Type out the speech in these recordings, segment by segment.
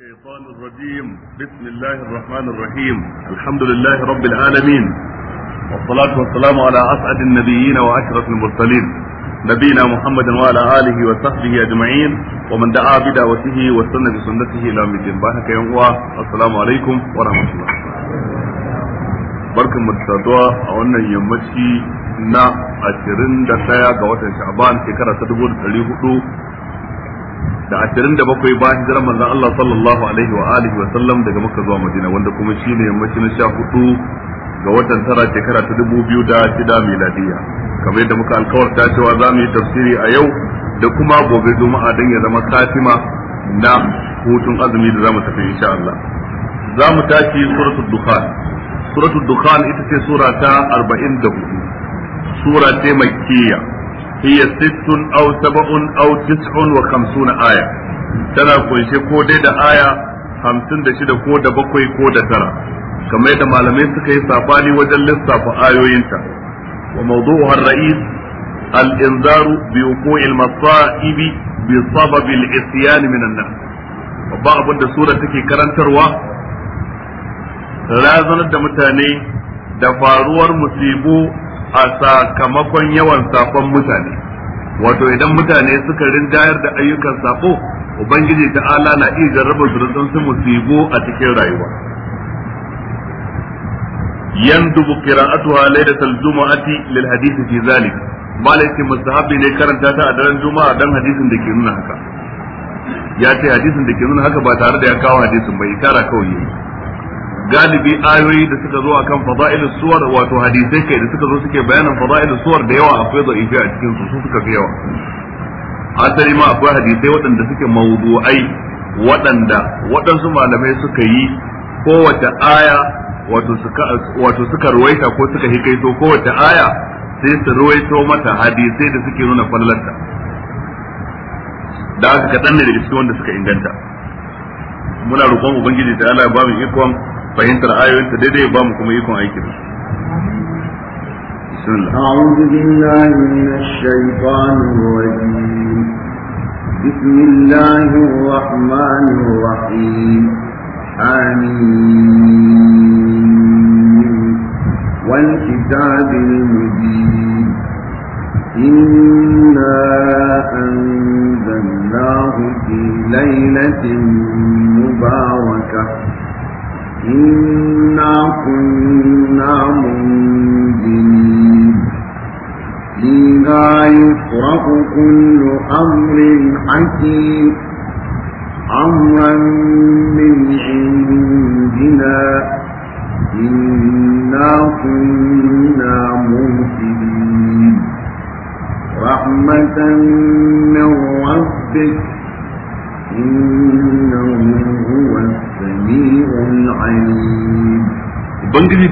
الشيطان الرجيم بسم الله الرحمن الرحيم الحمد لله رب العالمين والصلاة والسلام على أسعد النبيين وأشرف المرسلين نبينا محمد وعلى آله وصحبه أجمعين ومن دعا بدعوته وسن بسنته إلى يوم الدين بارك يوم السلام عليكم ورحمة الله barkan mu da saduwa a wannan yammaci na 21 ga watan sha'ban shekara ta 1400 da ashirin da bakwai ba hijirar manzan Allah sallallahu alaihi wa alihi wa sallam daga maka zuwa Madina wanda kuma shi ne na sha hudu ga watan tara shekara ta dubu biyu da shida miladiya kamar yadda muka alkawarta cewa za mu yi tafsiri a yau da kuma gobe juma'a don ya zama katima na hutun azumi da za mu tafi insha Allah za mu tashi suratul dukhan suratul dukhan ita ce sura ta 44 sura ce makkiyya hiya sittun aw sab'un aw tis'un wa khamsuna aya tana kunshe ko dai da aya hamsin da shida ko da bakwai ko da tara kamar yadda malamai suka yi sabani wajen lissafa ayoyinta wa mawdu'uha ar-ra'is al-inzar bi wuqu'i al-masa'ib bi sabab al-isyan min an-nas babban abin da sura take karantarwa razanar da mutane da faruwar musibu a sakamakon yawan sakon mutane wato idan mutane suka rinjayar da ayyukan sako ubangiji ta'ala na iya jarraba zurutun su musibo a cikin rayuwa yandubu qira'atuha laylatal jumu'ati lil hadith fi zalik malaki mustahabi ne karanta ta a daren juma'a dan hadisin da ke nuna haka ya ce hadisin da ke nuna haka ba tare da ya kawo hadisin bai kara kawai galibi ayoyi da suka zo akan fada'il suwar wato hadisai kai da suka zo suke bayanin fada'il suwar da yawa akwai ifi a cikin su suka fi yawa asali ma akwai hadisai waɗanda suke mawdu'ai waɗanda waɗansu malamai suka yi kowace aya wato suka wato suka ruwaita ko suka hikaito kowace aya sai su ruwaito mata hadisai da suke nuna fallarta da aka kaɗan ne daga cikin wanda suka inganta muna roƙon ubangiji ta ala ba mu ikon fahimtar ayoyinta daidai ba mu kuma ikon aiki da su أعوذ بالله من الشيطان الرجيم بسم الله الرحمن الرحيم آمين والكتاب المبين إنا أنزلناه في ليلة مباركة إنا كنا منذرين فيها يفرق كل أمر حكيم أمرا من عندنا إنا كنا مرسلين رحمة من ربك إنه هو السميع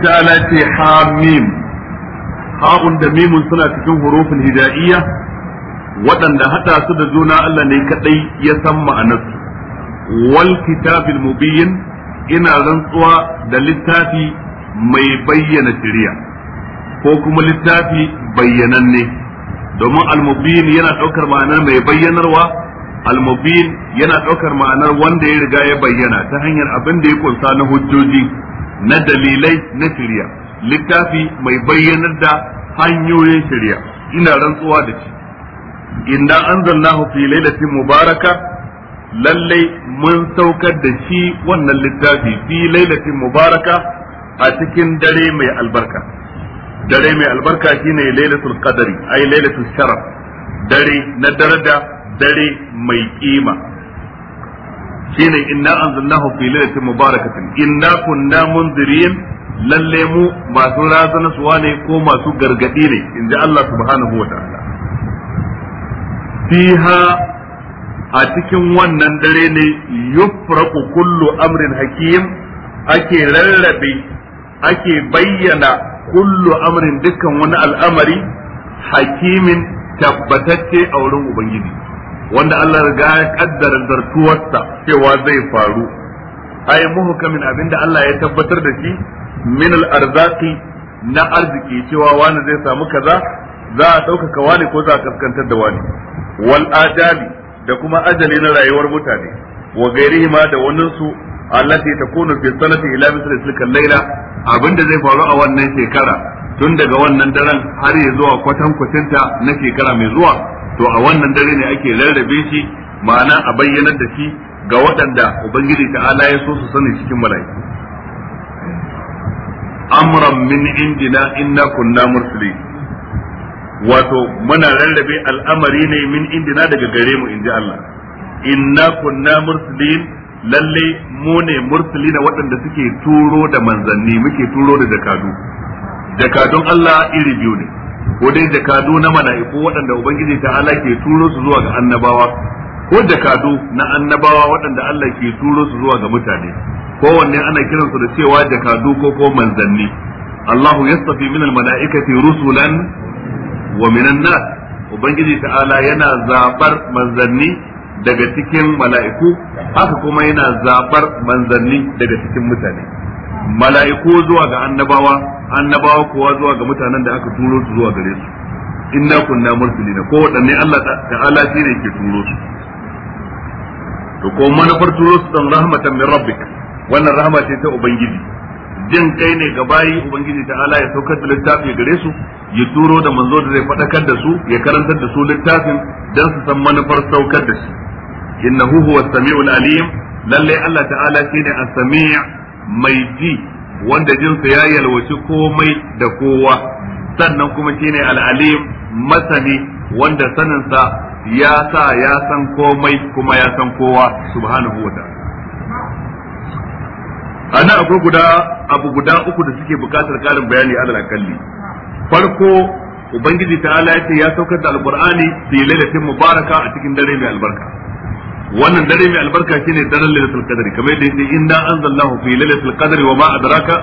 ta'ala ce ha mim. ha'un da mimun suna cikin حروف hida'iyya, waɗanda haɗa su da juna Allah ne kaɗai ya san ma'anarsu wal kitabil mubiyin ina rantsuwa da littafi mai bayyana shirya, ko kuma littafi bayyananne domin al yana ɗaukar ma'ana mai bayyanarwa al-mubin yana daukar ma'anar wanda ya riga ya bayyana ta hanyar abin da ya kunsa na hujjoji na dalilai na shari'a littafi mai bayyanar da hanyoyin shari'a ina rantsuwa da shi inna anzalnahu fi lailatin mubaraka lallai mun saukar da shi wannan littafi fi lailatin mubaraka a cikin dare mai albarka dare mai albarka shine lailatul qadri ay lailatul sharaf dare na daraja dare mai kima shine inna anzalnahu fi lailatin mubarakatin inna kunna munzirin lalle mu masu razanaswa ne ko masu gargadi ne inji Allah subhanahu wa fiha a cikin wannan dare ne yufraqu kullu amrin hakim ake rarrabe ake bayyana kullu amrin dukkan wani al'amari hakimin tabbatacce a wurin ubangiji wanda Allah riga ya kaddara zartuwarsa cewa zai faru ai muhkamin abinda Allah ya tabbatar da shi min al na arziki cewa wani zai samu kaza za a ɗaukaka wani ko za a kaskantar da wani wal ajali da kuma ajali na rayuwar mutane wa gairihi ma da wannan su allati kunu fi salati ila misli tilka layla abinda zai faru a wannan shekara tun daga wannan daren har ya zuwa kwatan kwatanta na shekara mai zuwa to a wannan dare ne ake rarrabe shi ma'ana a bayyanar da shi ga waɗanda ubangiji ta'ala ya so su sani cikin mala'iku amran min indina inna kunna mursalin wato muna rarrabe al'amari ne min indina daga gare mu inji Allah inna kunna mursalin lalle mu ne mursalina waɗanda suke turo da manzanni muke turo da jakadu jakadun Allah iri biyu ne ko dai jakadu na mala'iku waɗanda ubangiji ta'ala ke turo su zuwa ga annabawa ko jakadu na annabawa waɗanda Allah ke turo su zuwa ga mutane kowanne ana kiransu da cewa jakadu ko ko manzanni Allahu yastafi min almala'ikati rusulan wa minan nas ubangiji ta'ala yana zabar manzanni daga cikin mala'iku haka kuma yana zabar manzanni daga cikin mutane mala'iku zuwa ga annabawa annabawa kowa zuwa ga mutanen da aka turo su zuwa gare su inna kunna mursalina ko wadanne Allah ta'ala shi ne ke turo su to ko manufar turo su dan rahmatan min rabbika wannan rahma ce ta ubangiji jin kai ne ga bayi ubangiji ta'ala ya saukar da littafi gare su ya turo da manzo da zai fadakar da su ya karantar da su littafin dan su san manufar saukar da shi innahu huwa samiul alim lalle Allah ta'ala shine as-sami' mai ji wanda jinsa ya yalwaci komai da kowa sannan kuma shine al'alim masani wanda saninsa ya sa ya san komai kuma ya san kowa subhanahu wa ta'ala ana akwai guda abu guda uku da suke bukatar karin bayani a akalli farko ubangiji ta'ala ya ce ya saukar da alqur'ani fi lailatin mubaraka a cikin dare mai albarka wannan dare mai albarka shine daren lailatul qadri kamar yadda yake inna anzalnahu fi lailatul qadri wa ma adraka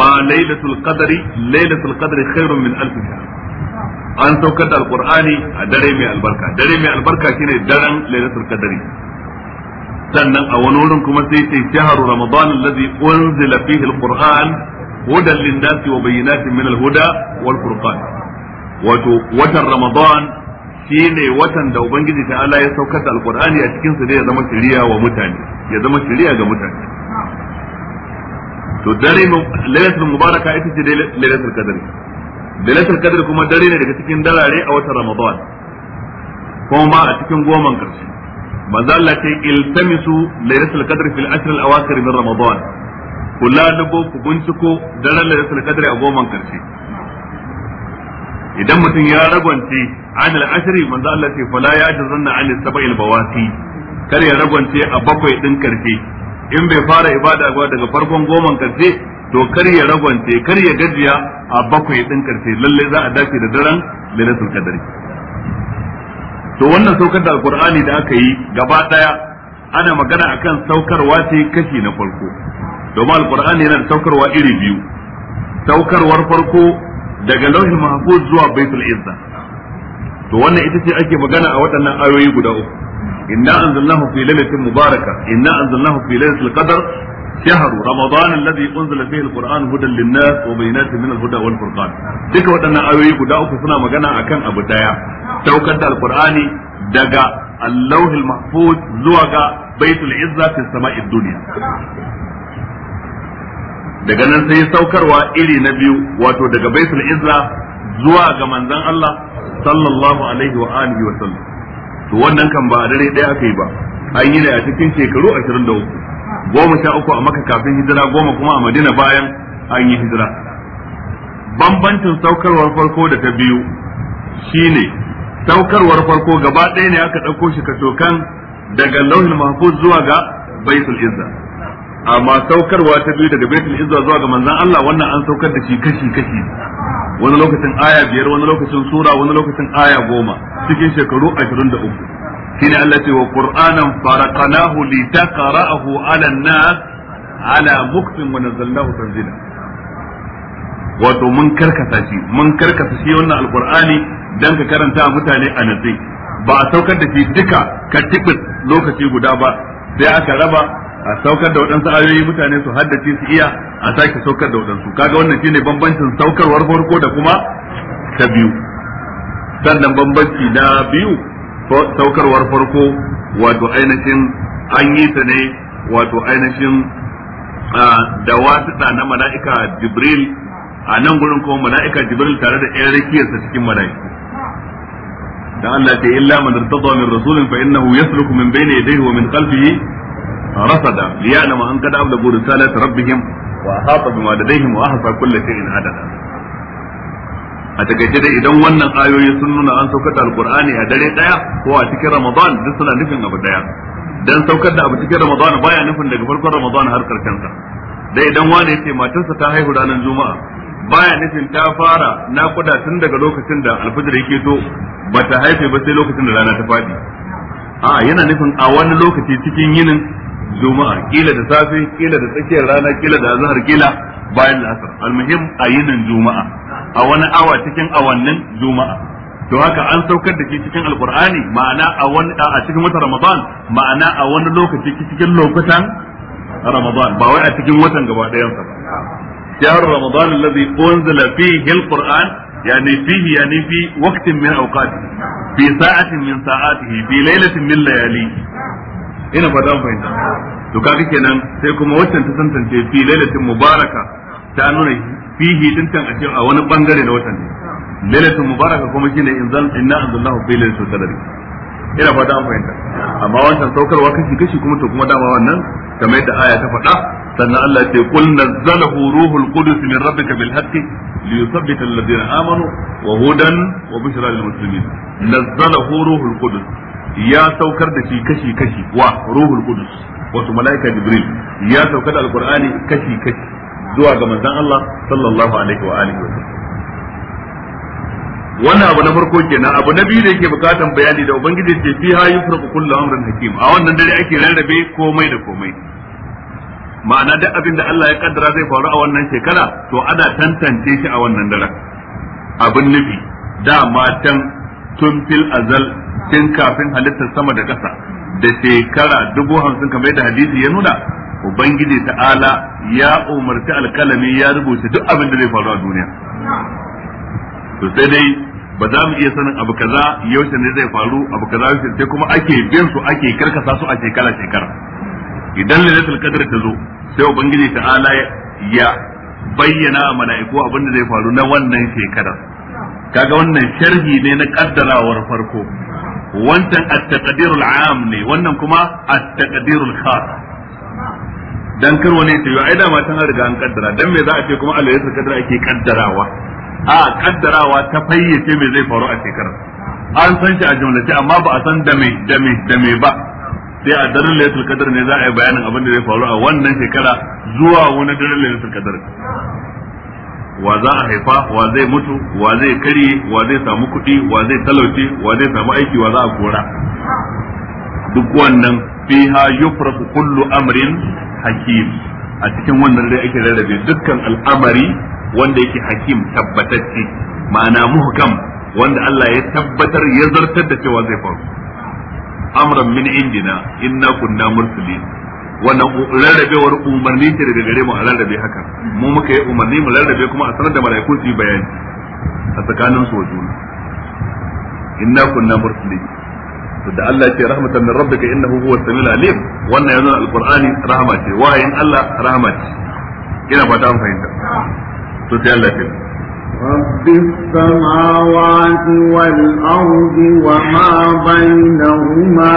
ma lailatul qadri lailatul qadri khairun min alf shahr an saukar da alqur'ani a dare mai albarka dare mai albarka shine daren lailatul qadri sannan a wani wurin kuma sai ce shahru ramadan alladhi unzila fihi alqur'an hudan lin-nasi wa bayyinatin min al-huda wal-furqan wato watan ramadan shi ne watan da ubangiji ta Allah ya saukar da alqur'ani a cikin sa zai zama shiriya wa mutane ya zama shiriya ga mutane to dare lailatul mubaraka ita ce lailatul qadr lailatul qadr kuma dare ne daga cikin darare a watan ramadan kuma a cikin goman karshe manzo Allah ce iltamisu lailatul qadr fil ashr al awakhir min ramadan kula da ku binciko daren lailatul qadr a goman karshe idan mutum ya ragwance anil al'ashiri manzo Allah ce fala ya zanna an sabai bawasi kar ya ragwance a bakwai din karfe in bai fara ibada ba daga farkon goman karfe to kar ya ragwance kar ya gajiya a bakwai din karfe lalle za a dace da daren lailatul qadri to wannan saukar da alqur'ani da aka yi gaba daya ana magana akan saukarwa ce kashi na farko domin alqur'ani yana saukarwa iri biyu saukarwar farko daga lauhin mahfuz zuwa baitul izza to wannan ita ce ake magana a waɗannan ayoyi guda uku inna anzalnahu fi lailatin mubaraka inna anzalnahu fi lailatul qadr شهر رمضان الذي انزل فيه القران هدى للناس وبينات من الهدى والفرقان duka waɗannan ayoyi guda uku suna magana kan abu daya saukar da alqur'ani daga allahul mahfuz zuwa ga baitul izza fi daga nan sai saukarwa iri na biyu wato daga baitul izza zuwa ga manzon Allah sallallahu alaihi wa alihi wa sallam to wannan kan ba a dare daya aka yi ba an yi da a cikin shekaru 23 goma sha uku a maka kafin hijira goma kuma a madina bayan an yi hijira bambancin saukarwar farko da ta biyu shine saukarwar farko gaba ɗaya ne aka ɗauko shi kacokan daga lauhin mahfuz zuwa ga baitul izza amma saukarwa ta biyu daga baitul izza zuwa ga manzon Allah wannan an saukar da shi kashi kashi wani lokacin aya biyar wani lokacin sura wani lokacin aya goma cikin shekaru 23 shine Allah ce wa qur'anan faraqnahu litaqra'ahu 'ala an-nas 'ala muktin wa nazzalnahu tanzila wato mun karkasa shi mun karkasa shi wannan alqur'ani dan ka karanta mutane a nazi ba a saukar da shi duka ka katibin lokaci guda ba sai aka raba a saukar da waɗansu ayoyi mutane su haddace su iya a sake saukar da waɗansu kaga wannan shine bambancin saukarwar farko da kuma ta biyu sannan bambanci na biyu saukarwar farko wato ainihin an yi ta ne wato ainihin da wasu na mala'ika jibril a nan gurin kuma mala'ika jibril tare da ɗan rikiyarsa cikin mala'ika da Allah ta illa man irtada min rasulin fa innahu yasluku min bayni yadayhi wa min khalfihi رصد ليعلم أن قد أبلغوا رسالة ربهم وأحاط بما لديهم وأحصى كل شيء عددا a takaice dai idan wannan ayoyi sun nuna an saukar da alkur'ani a dare daya ko a cikin ramadan duk suna nufin abu daya dan saukar da abu cikin ramadan baya nufin daga farkon ramadan har karshen sa dai idan wani yace matarsa ta haihu ranar juma'a baya nufin ta fara nakuda tun daga lokacin da alfajir yake to bata haife ba sai lokacin da rana ta fadi a yana nufin a wani lokaci cikin yinin juma'a kila da safe kila da tsakiyar rana kila da azhar kila bayan la'asar almuhim a yinin juma'a a wani awa cikin awannin juma'a to haka an saukar da shi cikin alqur'ani ma'ana a wani a cikin wata ramadan ma'ana a wani lokaci cikin lokutan ramadan ba wai a cikin watan gaba ɗayan sa ba شهر رمضان الذي أنزل فيه القرآن يعني فيه يعني fi وقت من أوقاته في ساعة من ساعاته في ليلة من لياليه ina fata an fahimta to kaga kenan sai kuma waccan ta tantance fi lailatin mubaraka ta nuna fi dintan a cikin a wani bangare na watan ne lailatin mubaraka kuma shine in inzal inna anzalallahu fi lailatul qadri ina fata an fahimta amma wancan saukarwa kashi kashi kuma to kuma dama wannan kamar yadda aya ta faɗa sannan Allah ya ce qul nazzalahu ruhul qudus min rabbika bil haqqi liyuthabbita alladhina amanu wa hudan wa bushra lil muslimin nazzalahu ruhul qudus ya saukar da shi kashi kashi wa ruhul qudus wato malaika jibril ya saukar da alqur'ani kashi kashi zuwa ga manzon Allah sallallahu alaihi wa alihi wa wannan abu na farko kenan abu na biyu da yake bukatan bayani da ubangiji ce ha yufraqu kullu amrin hakim a wannan dare ake rarrabe komai da komai ma'ana duk abin da Allah ya kaddara zai faru a wannan shekara to ana tantance shi a wannan dare abin nufi Da matan tun fil azal tun kafin halittar sama da ƙasa da shekara dubu hamsin kamar yadda hadisi ya nuna ubangiji ta'ala ya umarci alkalami ya rubuta duk abin da zai faru a duniya to sai dai ba za mu iya sanin abu kaza yaushe ne zai faru abu kaza yaushe sai kuma ake bin su ake karkasa su a shekara shekara idan lailatul qadr ta zo sai ubangiji ta'ala ya bayyana a mala'iku abin da zai faru na wannan shekarar kaga wannan sharhi ne na kaddarawar farko wancan at-taqdirul am ne wannan kuma at-taqdirul khas dan kar wani ya yi ai da ma tan riga an kaddara dan me za a ce kuma Allah ya kaddara ake kaddarawa a kaddarawa ta fayyace me zai faru a shekarar an san shi a jumlace amma ba a san da me da ba sai a daren laylatul qadr ne za a yi bayanin abin da zai faru a wannan shekara zuwa wani daren laylatul qadr wa za a haifa wa zai mutu wa zai karye wa zai samu kuɗi wa zai talauce wa zai samu aiki wa za a kora duk wannan fiha yufra kullu amrin hakim a cikin wannan dai ake rarrabe dukkan al'amari wanda yake hakim tabbatacce ma'ana muhkam wanda Allah ya tabbatar ya zartar da cewa zai faru amran min indina inna kunna mursalin wannan rarrabewar umarni ce daga gare mu a rarrabe haka mu muka yi umarni mu rarrabe kuma a sanar da mala'iku su yi bayani a tsakanin su wa juna inna kunna mursalin to da Allah ce rahmatan min rabbika innahu huwa samiul alim wannan yanzu alqur'ani rahama ce wayin Allah rahama ce ina ba ta fahimta to sai Allah ce رب السماوات والأرض وما بينهما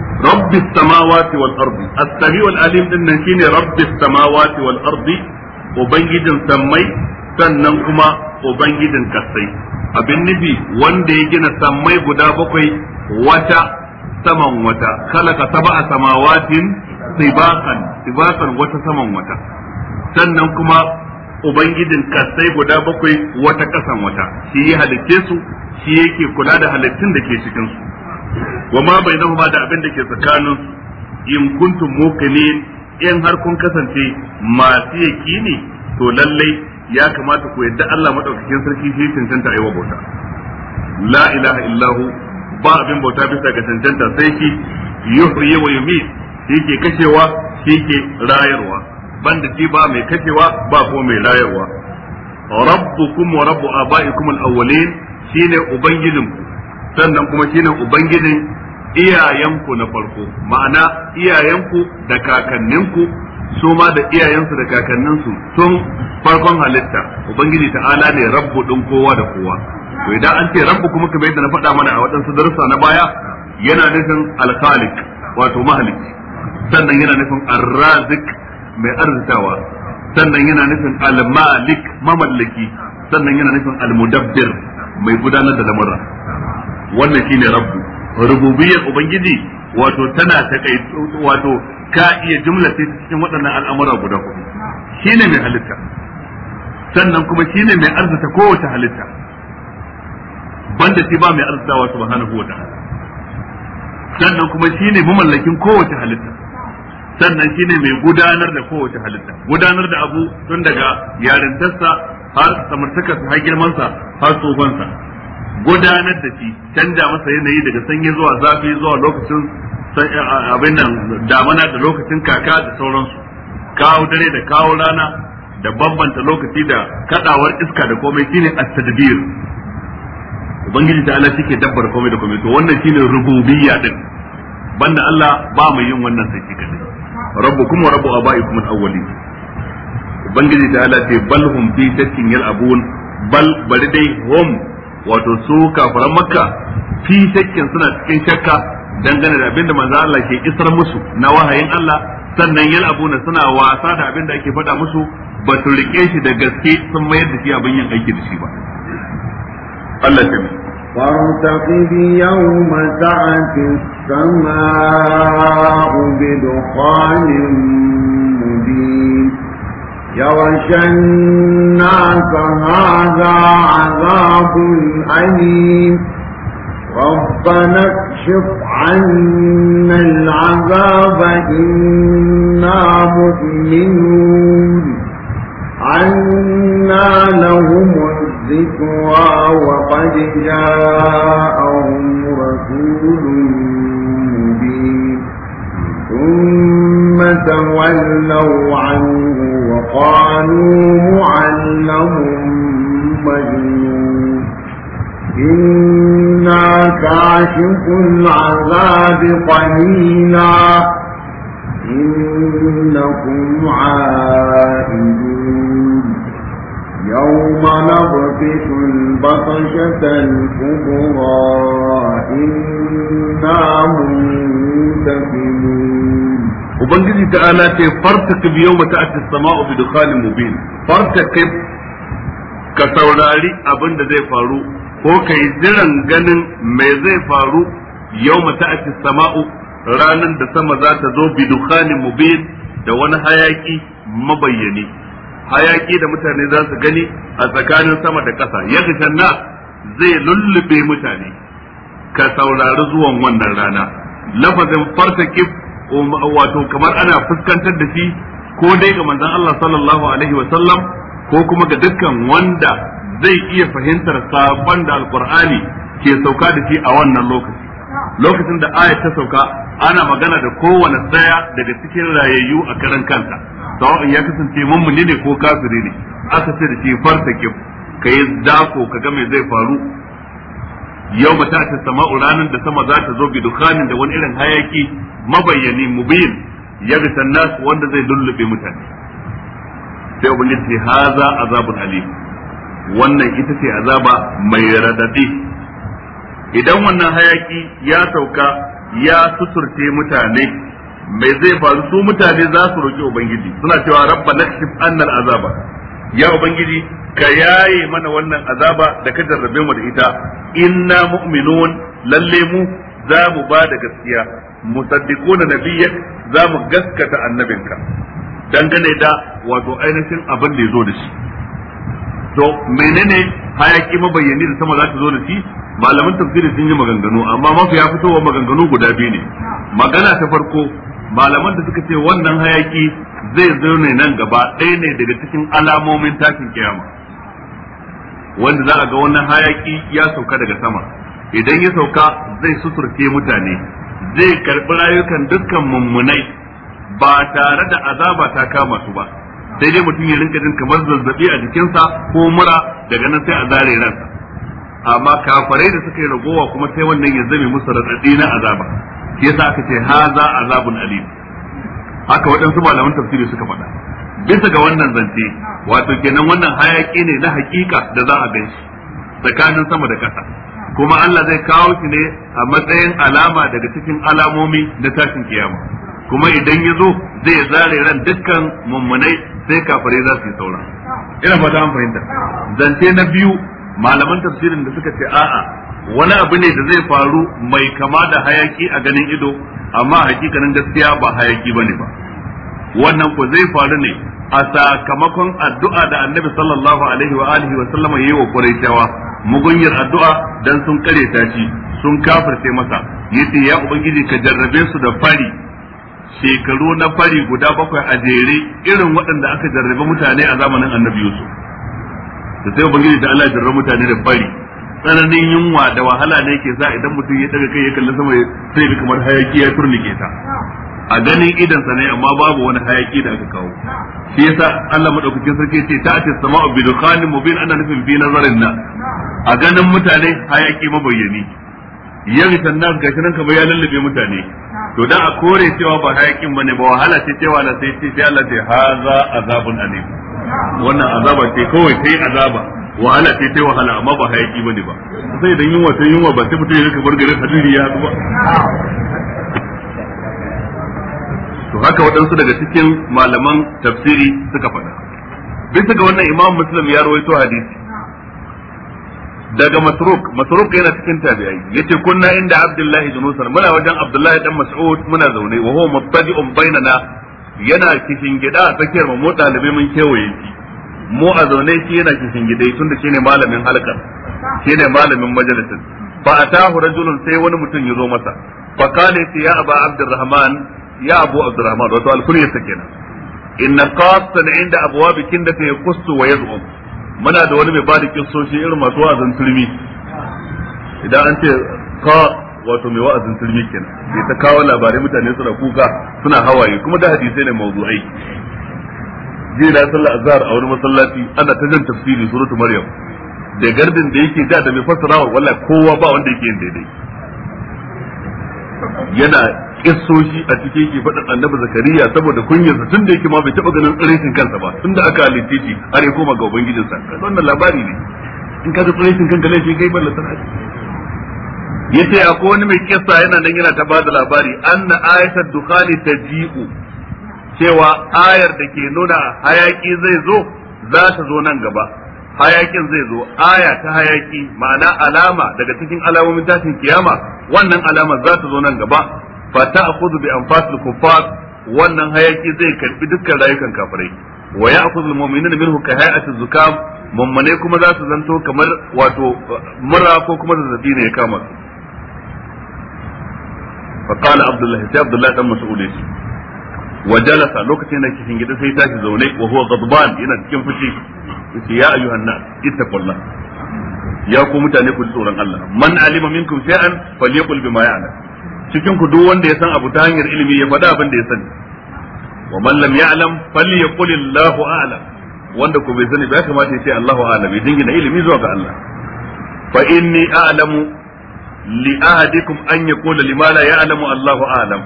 رب السماوات والأرض السميع العليم إن شيني رب السماوات والأرض وبنجد سمي سننكما وبنجد كسي abin nufi wanda ya gina sammai guda bakwai wata saman wata khalaqa sab'a samawatin sibaqan sibaqan wata saman wata sannan kuma ubangijin kasai guda bakwai wata kasan wata shi ya halicce shi yake kula da halittun da ke cikinsu. wa ma bainahuma da abin da ke tsakanin in kuntum muqinin in har kun kasance masu yakini to lallai ya kamata ku yadda Allah madaukakin sarki shi cancanta ayi wa bauta la ilaha illahu ba abin bauta bisa ga cancanta sai ki yuhyi wa yumit shi ke kashewa shi ke rayarwa banda shi ba mai kashewa ba ko mai rayarwa rabbukum wa rabbu abaikum al-awwalin shine ubangijinku sannan kuma shine ubangijin iyayenku na farko ma'ana iyayenku da kakanninku su ma da iyayensu da kakanninsu tun farkon halitta ubangiji ta'ala ne rabbu din kowa da kowa to idan an ce rabbu kuma kamar yadda na faɗa mana a waɗansu darussa na baya yana nufin alkhaliq wato mahalik sannan yana nufin arrazik mai arzikawa sannan yana nufin almalik mamallaki sannan yana nufin almudabbir mai gudanar da lamura wannan shine rabbu rububiyar ubangiji wato tana ta kai wato ka iya jumla sai cikin waɗannan al'amura guda hudu shine mai halitta sannan kuma shine mai arzuta kowace halitta banda shi ba mai wa subhanahu wa ta'ala sannan kuma shine mamallakin kowace halitta sannan shine mai gudanar da kowace halitta gudanar da abu tun daga yarintarsa har samartakarsa har girmansa har tsofansa gudanar da shi canja masa yanayi daga sanyi zuwa zafi zuwa lokacin abin nan damana da lokacin kaka da sauransu kawo dare da kawo rana da bambanta lokaci da kadawar iska da komai shine at-tadbir ubangiji ta Allah shike dabbar komai da komai to wannan shine rububiyya din banda Allah ba mu yin wannan sai shi kadai rabbukum wa rabbu abaikum al-awwalin ubangiji ta Allah ce bal hum fi shakkin yal'abun bal bari dai hum wato su kafiran makka fi shakkin suna cikin shakka dangane da abinda manzo Allah ke isar musu na wahayin Allah sannan abuna suna wasa da abinda ake faɗa musu ba su rike shi da gaske sun mayar da shi abin yin aiki da shi ba Allah ya فارتقب يوم سعة السماء بدخان يغشى الناس هذا عذاب أليم ربنا اكشف عنا العذاب إنا مؤمنون عنا لهم الذكرى وقد جاءهم رسول مبين ثم تولوا عنه وقالوا معلم مجنون إنا كاشف العذاب قليلا إنكم عائدون يوم نبطش البطشة الكبرى إنا منتقمون ubangiji ta ala ce fartaqib yawma ta'ti as-sama'u bi dukhanin mubin fartaqib ka saurari abin da zai faru ko kai jiran ganin me zai faru yawma ta'ti as-sama'u ranan da sama za ta zo bi dukhanin mubin da wani hayaki mabayyani hayaki da mutane za su gani a tsakanin sama da ƙasa ya na zai lullube mutane ka saurari zuwan wannan rana lafazin fartaqib wato kamar ana fuskantar da shi ko dai ga manzon Allah sallallahu alaihi wa sallam ko kuma ga dukkan wanda zai iya fahimtar sabon da alqur'ani ke sauka da shi a wannan lokaci lokacin da aya ta sauka ana magana da kowane tsaya daga cikin rayayyu a karan kanta sawa'in ya kasance mummuni ne ko kafiri ne aka ce da shi farta kif kai dako ga me zai faru yau mata ta sama'u ranar da sama za ta zo bi dukanin da wani irin hayaki mabayyani mubin ya bisan nas wanda zai lullube mutane sai ce haza azabun alim wannan ita ce azaba mai radadi idan wannan hayaki ya sauka ya suturce mutane mai zai faru su mutane za su roki ubangiji suna cewa rabba nakshif annal azaba ya ubangiji ka yaye mana wannan azaba da ka jarrabe mu da ita inna mu'minun lalle mu za mu ba da gaskiya musaddiquna nabiyyak za mu gaskata annabinka dangane da wato ainihin abin da ya zo da shi to menene hayaki mabayyani da sama za ta zo da shi malaman tafsiri sun yi maganganu amma mafi ya fitowa maganganu guda biyu ne magana ta farko malaman da suka ce wannan hayaki zai zo ne nan gaba ɗaya ne daga cikin alamomin tashin kiyama wanda za a ga wannan hayaki ya sauka daga sama idan ya sauka zai suturke mutane zai karbi rayukan dukkan mummunai ba tare da azaba ta kama su ba sai dai mutum ya rinka jin kamar zazzabi a jikinsa ko mura daga nan sai a zare ransa amma kafarai da suka yi ragowa kuma sai wannan ya zame musu radadi na azaba shi yasa aka ce haza azabun alim haka waɗansu malaman tafsiri suka faɗa bisa ga wannan zance wato kenan wannan hayaki ne na hakika da za a gaisu, tsakanin sama da ƙasa kuma Allah zai kawo shi ne a matsayin alama daga cikin alamomi na tashin kiyama kuma idan ya zo zai zare ran dukkan mummunai sai kafare za su yi saura ina fata an fahimta zance na biyu malaman tafsirin da suka ce a'a wani abu ne da zai faru mai kama da hayaki a ganin ido amma hakikanin gaskiya ba hayaki bane ba wannan ko zai faru ne a sakamakon addu'a da annabi sallallahu alaihi wa alihi wa sallama yayi wa quraishawa mugunyar addu'a dan sun kare ta shi sun kafirce masa yace ya ubangiji ka jarrabe su da fari shekaru na fari guda bakwai a jere irin waɗanda aka jarrabe mutane a zamanin annabi Yusuf da sai ubangiji da Allah jarrabe mutane da fari tsananin yunwa da wahala ne ke sa idan mutum ya daga kai ya kalli sama sai kamar hayaki ya turnike ta a ganin idan sa ne amma babu wani hayaki da aka kawo shi yasa Allah madaukakin sarki ce ta ati sama'u bi dukhanin mubin ana nufin fi nazarin na a ganin mutane hayaki mabayyani yari sannan ga nan kamar ya lallabe mutane to dan a kore cewa ba hayakin bane ba wahala ce cewa na sai ce sai Allah ce haza azabun alim wannan azaba ce kawai sai azaba wahala ce sai wahala amma ba hayaki bane ba sai dan yunwa sai yunwa ba sai mutum ya rika bargarin hadiri ya ba to haka waɗansu daga cikin malaman tafsiri suka faɗa bisa ga wannan imam muslim ya rawaito hadisi daga masruk masruk yana cikin tabi'ai yace kunna inda abdullahi ibn junusan muna wajen abdullahi dan mas'ud muna zaune wa huwa mubtadi'un bainana yana kishin gida a tsakiyar mu mu dalibai mun kewaye shi mu a zaune shi yana kishin gida tunda shine malamin halakar shine malamin majalisin fa atahu rajulun sai wani mutum ya zo masa fa qala ya aba abdurrahman ya abu abdurrahman wato alkunya sa kenan inna qasan inda abwab kinda ta yakustu wa yaz'um muna da wani mai bada kissoshi irin masu wa'azin turmi idan an ce ka wato mai wa'azin turmi kenan sai ta kawo labarai mutane suna kuka suna hawaye kuma da hadisai ne mawdu'ai jiya da sallar azhar a wani masallaci ana ta jan tafsiri suratu maryam da gardin da yake da da mai fassarawa wallahi kowa ba wanda yake yin daidai yana shi a cikin ki faɗin annabi zakariya saboda kunyarsa tun da yake ma bai taɓa ganin tsirrishin kansa ba tun da aka halitta shi har ya koma ga ubangijinsa wannan labari ne in ka ga tsirrishin kanka shi kai balla sana yace akwai wani mai kissa yana nan yana ta bada labari anna ayatul dukhani taji'u cewa ayar da ke nuna hayaki zai zo za ta zo nan gaba hayakin zai zo aya ta hayaki ma'ana alama daga cikin alamomin tashin kiyama wannan alama za ta zo nan gaba fa akhudhu bi anfasil kuffar wannan hayaki zai karbi dukkan rayukan kafirai wa ya'khudhu al-mu'minuna minhu ka hay'ati zukam mummune kuma za su zanto kamar wato mura ko kuma zazzabi ne ya kama su fa qala abdullahi sai abdullahi dan mas'ul wa jalasa lokacin da kishin gida sai tashi zaune wa huwa ghadban yana cikin fushi yace ya ayyuhan nas ittaqullah ya ku mutane ku tsoron Allah man alima minkum shay'an falyaqul bima ya'lam cikin ku duk wanda ya san abu ta hanyar ilimi ya faɗa abin da ya sani wa man lam ya'lam falyaqul Allahu a'lam wanda ku bai sani ba kamata ya ce Allahu a'lam ya dingina ilimi zuwa ga Allah fa inni a'lamu li ahadikum an yaqula lima la ya'lamu Allahu a'lam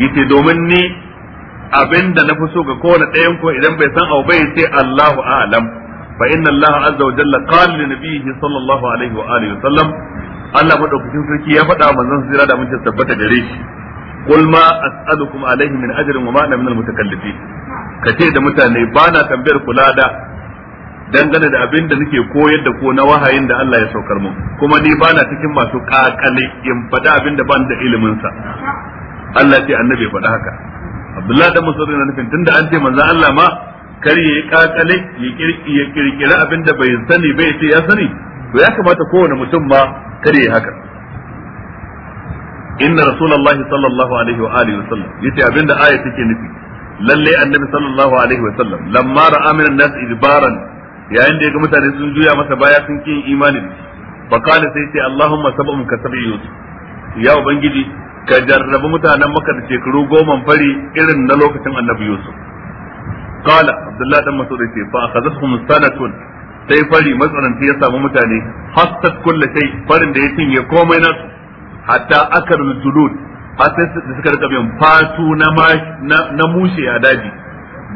yace domin ni abinda na fi so ga kowane ɗayan ko idan bai san abu bai sai Allahu a'lam fa inna Allah azza wa jalla qala li nabiyhi sallallahu alaihi wa alihi wa sallam Allah madaukakin sarki ya faɗa manzon sira da mun tabbata gare shi قل ما أسألكم عليه من أجر وما min من Ka kace da mutane ba na tambayar kula da dangane da abin da nake koyar da ko na wahayin da Allah ya saukar mu kuma ni ba na cikin masu kakale in faɗa abin da ban da ilimin sa Allah ce annabi faɗa haka abdullahi dan mas'ud yana nufin tunda an ce manzo Allah ma kar ya kakale ya kirkira abin da bai sani bai ce ya sani to ya kamata kowane mutum ma kar ya haka inna rasulullahi sallallahu alaihi wa alihi wasallam yace abin da aya take nufi lalle annabi sallallahu alaihi wa sallam lamma ra'a min nas idbaran yayin da ga mutane sun juya masa baya sun kin imani fa qala sai ce allahumma sab'un ka sab'i yusuf ya ubangiji ka jarrabi mutanen maka da shekaru goma fari irin na lokacin annabi yusuf qala abdullahi dan masud ce fa akhadathum sanatun sai fari matsananci ya samu mutane hasat kulle shay farin da ya cinye komai na hatta akar julud har sai suka rika biyan fatu na mushe a daji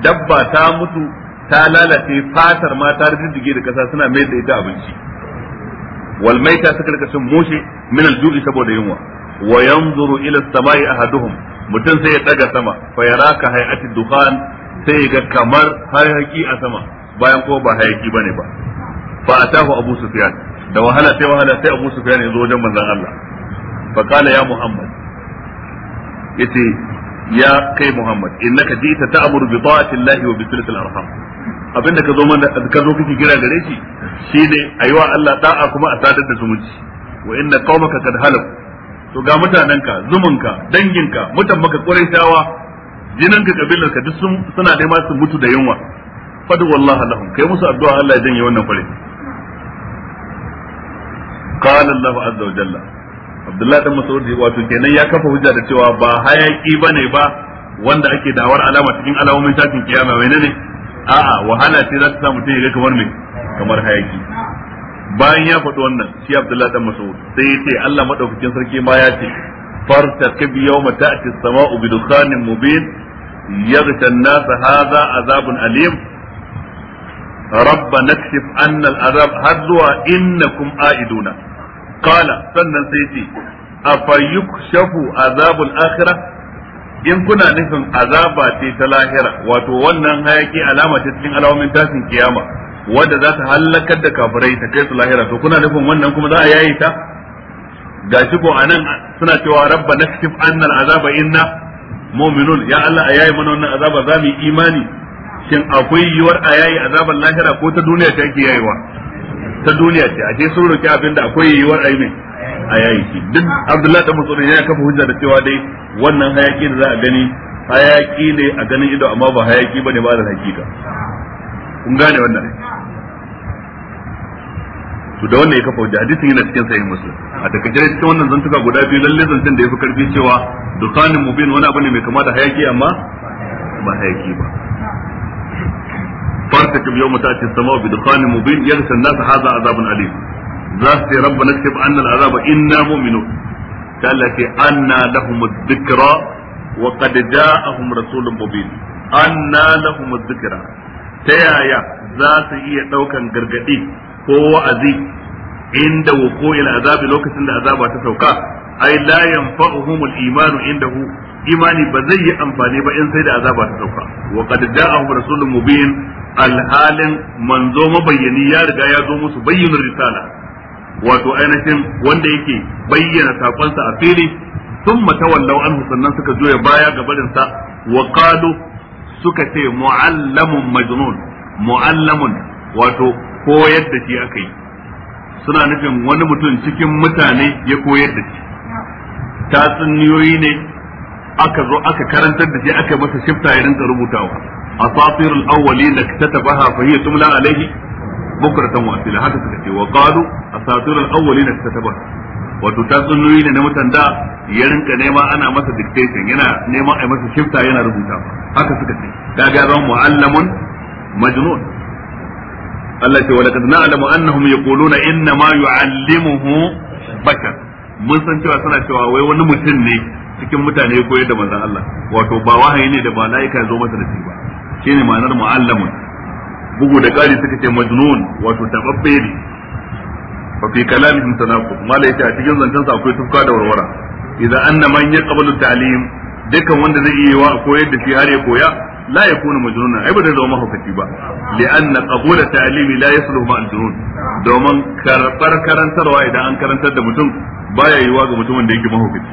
dabba ta mutu ta lalace fatar ma ta rijige da kasa suna mai da ita abinci Walmai ta suka rika cin mushe min al ju'i saboda yunwa wa yanzuru ila samai ahaduhum mutum sai ya daga sama fa yaraka hay'ati dukhan sai ga kamar hayaki a sama bayan ko ba hayaki bane ba a atahu abu sufyan da wahala sai wahala sai abu sufyan ya zo wajen manzon Allah ya muhammad ya kai muhammad wa bi sulatil abinda ka zo mana ka zo kake kira gare shi shine wa Allah da'a kuma a sadar da zumunci wa inna qaumaka kad halak to ga mutanenka zumunka danginka mutan maka quraishawa jininka kabilarka duk sun suna da ma su mutu da yunwa fadu wallahi lahum kai musu addu'a Allah ya janye wannan qala قال azza wa Jalla. Abdullahi dan Mas'ud wato kenan ya kafa hujja da cewa ba hayaki bane ba wanda ake dawar alama cikin alamomin tashin kiyama menene ne a'a wahala ce za ta sa mutum ya ga kamar me kamar hayaki bayan ya faɗi wannan shi Abdullah dan Mas'ud sai ya ce Allah madaukakin sarki ma ya ce fartaqib yawma ta'ti as-sama'u bi dukhanin mubin yaghsha an-nas hadha azabun alim ربنا اكشف عنا العذاب هذوا انكم عائدون قال سنن سيتي افيكشف عذاب الاخره in kuna nufin azaba ce ta lahira wato wannan hayaki alama ce cikin alamomin tashin kiyama wanda za ta halakar da kafirai ta kai su lahira to kuna nufin wannan kuma za a yayi ta gashi ko anan suna cewa rabba nakshif anna azaba inna mu'minun ya Allah a yayi mana wannan azaba za mu yi imani shin akwai yiwuwar a yayi azaban lahira ko ta duniya ta yake yayiwa ta duniya ce a ce sun roki abinda akwai a ayi mai hayaki duk abdullahi da musulun ya kafa hujja da cewa dai wannan hayaki da za a gani hayaki ne a ganin ido amma ba hayaki bane ba da hakika kun gane wannan to da wannan ya kafa hujja hadisin yana cikin sahih muslim a takaice cikin wannan zantuka guda biyu lalle zancen da yafi karfi cewa dukanin mubin wani abu ne mai kama da hayaki amma ba hayaki ba فارتكب يوم تأتي السماء بدخان مبين يغشى الناس هذا عذاب أليم za su ce rabba na tafi annal azaba inna mu'minu ta Allah ce anna lahum dhikra wa qad ja'ahum rasulun mubin anna lahum dhikra ta yaya za su iya daukan gargadi ko wa'azi inda wuqu'il azabi lokacin da azaba ta sauka ai la yanfa'uhumul imanu indahu imani ba zai yi amfani ba in sai da azaba ta sauka wa qad ja'ahum rasulun mubin alhalin manzo mabayyani ya riga ya zo musu bayyana risala wato ainihin wanda yake bayyana sakonsa a fili sun matawallaw anhu sannan suka juya baya ga barinsa wa qalu suka ce mu'allamun majnun mu'allamun wato koyar da shi yi suna nufin wani mutum cikin mutane ya koyar da shi tatsuniyoyi ne aka zo aka karantar da shi aka masa shifta ya rinka rubutawa asatirul awwalin da ta tabaha fa hiya alaihi bukratan wa asila haka suka ce wa qalu asatirul awwalin kataba wato tatsuniyoyi ne na mutan da ya rinka nema ana masa dictation yana nema a shifta yana rubuta haka suka ce kaga zan mu'allamun majnun Allah inna ma yu'allimuhu bashar mun san cewa suna cewa wai wani mutum ne cikin mutane ya koyar da manzon Allah wato ba wahayi ne da ba ya zo masa da shi ba shine ma'anar mu'allamun bugu da kari suka ce majnun wato tababbe ne fa fi kalamihim tanaqud mala yace a cikin zancen sa akwai tufka da warwara idan anna man yaqbalu ta'lim dukan wanda zai iya wa koyar da shi har ya koya la yakunu majnuna ai ba da zama mahaukaci ba li'anna qabul ta'lim la yasluhu ma'al junun domin karbar karantarwa idan an karantar da mutum baya yiwa ga mutumin da yake mahaukaci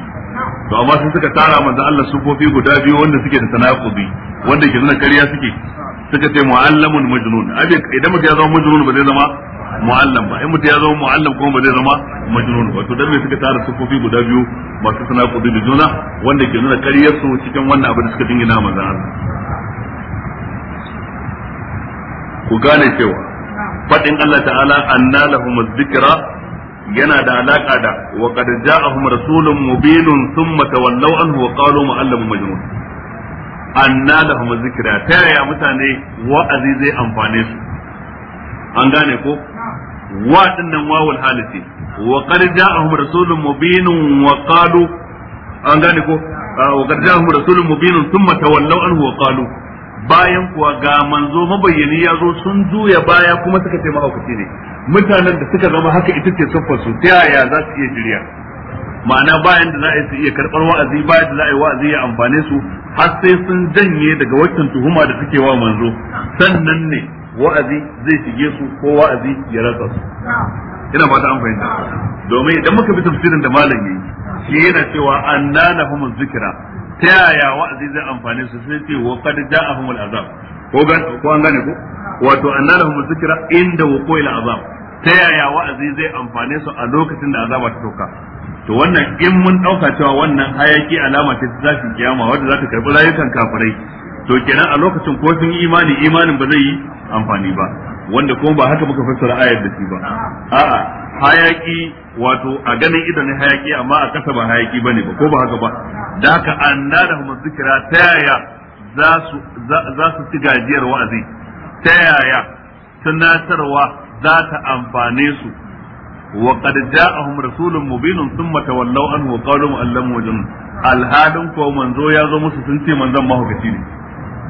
to amma sun suka tara manzo Allah sufofi guda biyu wanda suke da tanaqubi wanda ke nuna kariya suke suka ce mu'allamun majnun abi idan mutum ya zama majnun ba zai zama mu'allam ba in mutum ya zama mu'allam kuma ba zai zama majnun ba to dan me suka tara sufofi guda biyu masu suna kudu da juna wanda ke nuna kariyar su cikin wannan abu da suka dingina manzon Allah ku gane cewa fadin Allah ta'ala anna lahum dhikra yana da alaka da wa qad ja'ahum rasulun mubinun thumma tawallaw anhu wa qalu mu'allamun majnun anna da hama zikira ta yaya mutane wa'azi zai amfane su an gane ko wa nan wawul halisi wa qad ja'ahum rasulun mubinun wa qalu an gane ko ah, wa qad ja'ahum rasulun sun thumma wallau, anhu wa qalu bayan kuwa ga manzo mabayyani ya zo sun juya baya kuma suka ce mahaukaci ne mutanen da suka zama haka ita ce siffar su ta yaya za su iya jiriya ma'ana bayan da za a yi iya karɓar wa'azi bayan da za a yi wa'azi ya amfane su har sai sun janye daga waccan tuhuma da suke wa manzo sannan ne wa'azi zai shige su ko wa'azi ya rasa su ina ba ta amfani da. domin idan muka bi tafsirin da malam yayi shi yana cewa annana humuz zikra ta yaya wa'azi zai amfane su sai ce wa qad a azab ko ko an gane ko wato annana humuz zikra inda wuqo'il azab ta yaya wa'azi zai amfane su a lokacin da azaba ta toka to wannan in mun dauka cewa wannan hayaki alama ce ta su kiyama wanda za ta karbi rayukan kafirai to kenan a lokacin ko sun yi imani imanin ba zai yi amfani ba wanda kuma ba haka muka fassara ayar da shi ba a'a hayaki wato a ganin idan hayaki amma a kasa ba hayaki bane ba ko ba haka ba da haka annalahum zikra ta yaya za su za su ci gajiyar wa'azi ta yaya tunatarwa za ta amfane su وقد جاءهم رسول مبين ثم تولوا عنه وقالوا مؤلم وجنون alhalin ko manzo ya zo musu sun ce manzon mahaukaci ne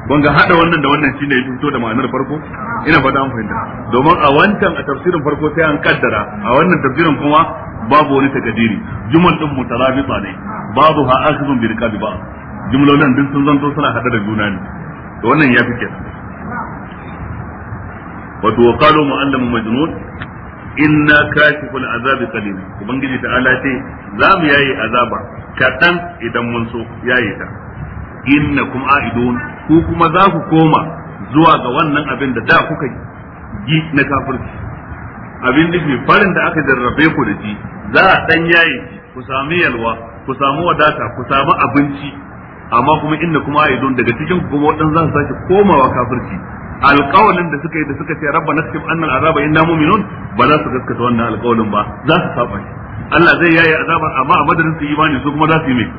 kun ga hada wannan da wannan shine ya fito da ma'anar farko ina fata an fahimta domin a wancan a tafsirin farko sai an kaddara a wannan tafsirin kuma babu wani takadiri jumal din mutarabita ne babu ha akhizun bi riqabi ba jumlolin duk sun zanto suna hada da juna ne to wannan ya fi kenan wato qalu mu'allamu majnun inna kashiful azabi qalil ubangiji ta ala ce za mu yayi azaba kadan idan mun so yayi ta innakum aidun ku kuma za ku koma zuwa ga wannan abin da da kuka yi na kafirci abin da ke farin da aka jarrabe ku da shi za a dan yayi ku sami yalwa ku samu wadata ku samu abinci amma kuma inna kuma aidun daga cikin ku kuma wadan za su sake komawa kafirci alƙawalin da suka yi da suka ce rabba naktib annal azaba inna mu'minun ba za su gaskata wannan alƙawalin ba za su saba shi Allah zai yaye azaba amma a madadin su imani su kuma za su yi mai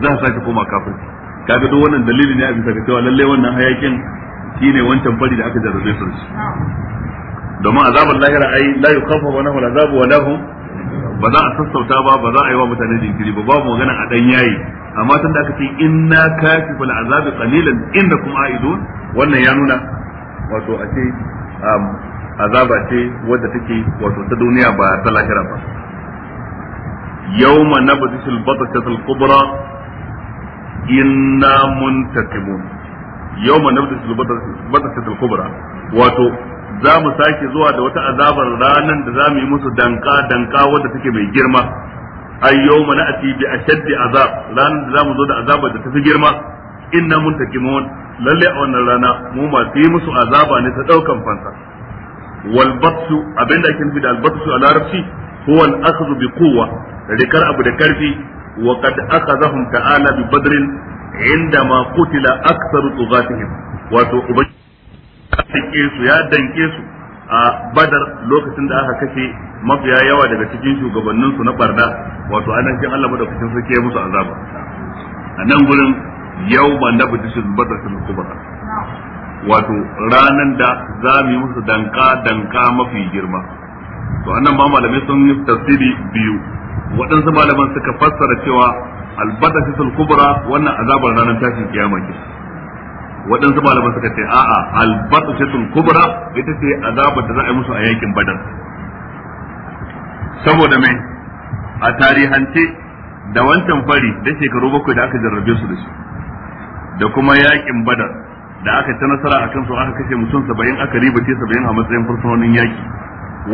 za su sake koma kafirci kaga duk wannan dalili ne a bisa ga cewa lalle wannan hayakin shine wancan fari da aka jarrabe su domin azabar lahira ai la yukhafafu anhu azabu wa lahum ba za a sassauta ba ba za a yi wa mutane jinkiri ba babu magana a dan yayi amma tunda aka ce inna kashiful azabi qalilan innakum aidun wannan ya nuna wato a ce um, azaba ce wadda take wato ta duniya ba ta lahira ba yawma nabdishul batashatul kubra inna muntaqimun yawma nabdishul batashatul kubra wato za mu sake zuwa da wata azabar ranan da za mu yi musu danka danka wadda take mai girma ai na na'ti bi ashaddi azab ranan da za mu zo da azabar da ta fi girma inna muntakimun lalle a wannan rana mu ma yi musu azaba ne ta daukan fansa wal batsu abinda ake nufi da al a larabci huwa al akhdhu bi quwwa rikar abu da karfi wa qad akhadhahum ta'ala bi badrin inda ma qutila aktharu tughatihim wato ubangiji su ya danke su a badar lokacin da aka kashe mafiya yawa daga cikin shugabanninsu na barna wato anan shi Allah madaukakin sarki ya musu azaba a nan gurin yawma nabtishu badratul kubra wato ranan da za mu yi musu danka danka mafi girma to annan ma malamai sun yi tafsiri biyu waɗansu malaman suka fassara cewa albadratul kubra wannan azabar ranan tashin kiyama ke waɗansu malaman suka ce a'a albadratul kubra ita ce azabar da za a yi musu a yakin badar saboda mai a tarihance da wancan fari da shekaru bakwai da aka jarrabe su da shi da kuma yakin badar da aka ta nasara akan kansu aka kashe mutum saba'in aka riba ce saba'in a matsayin fursunonin yaki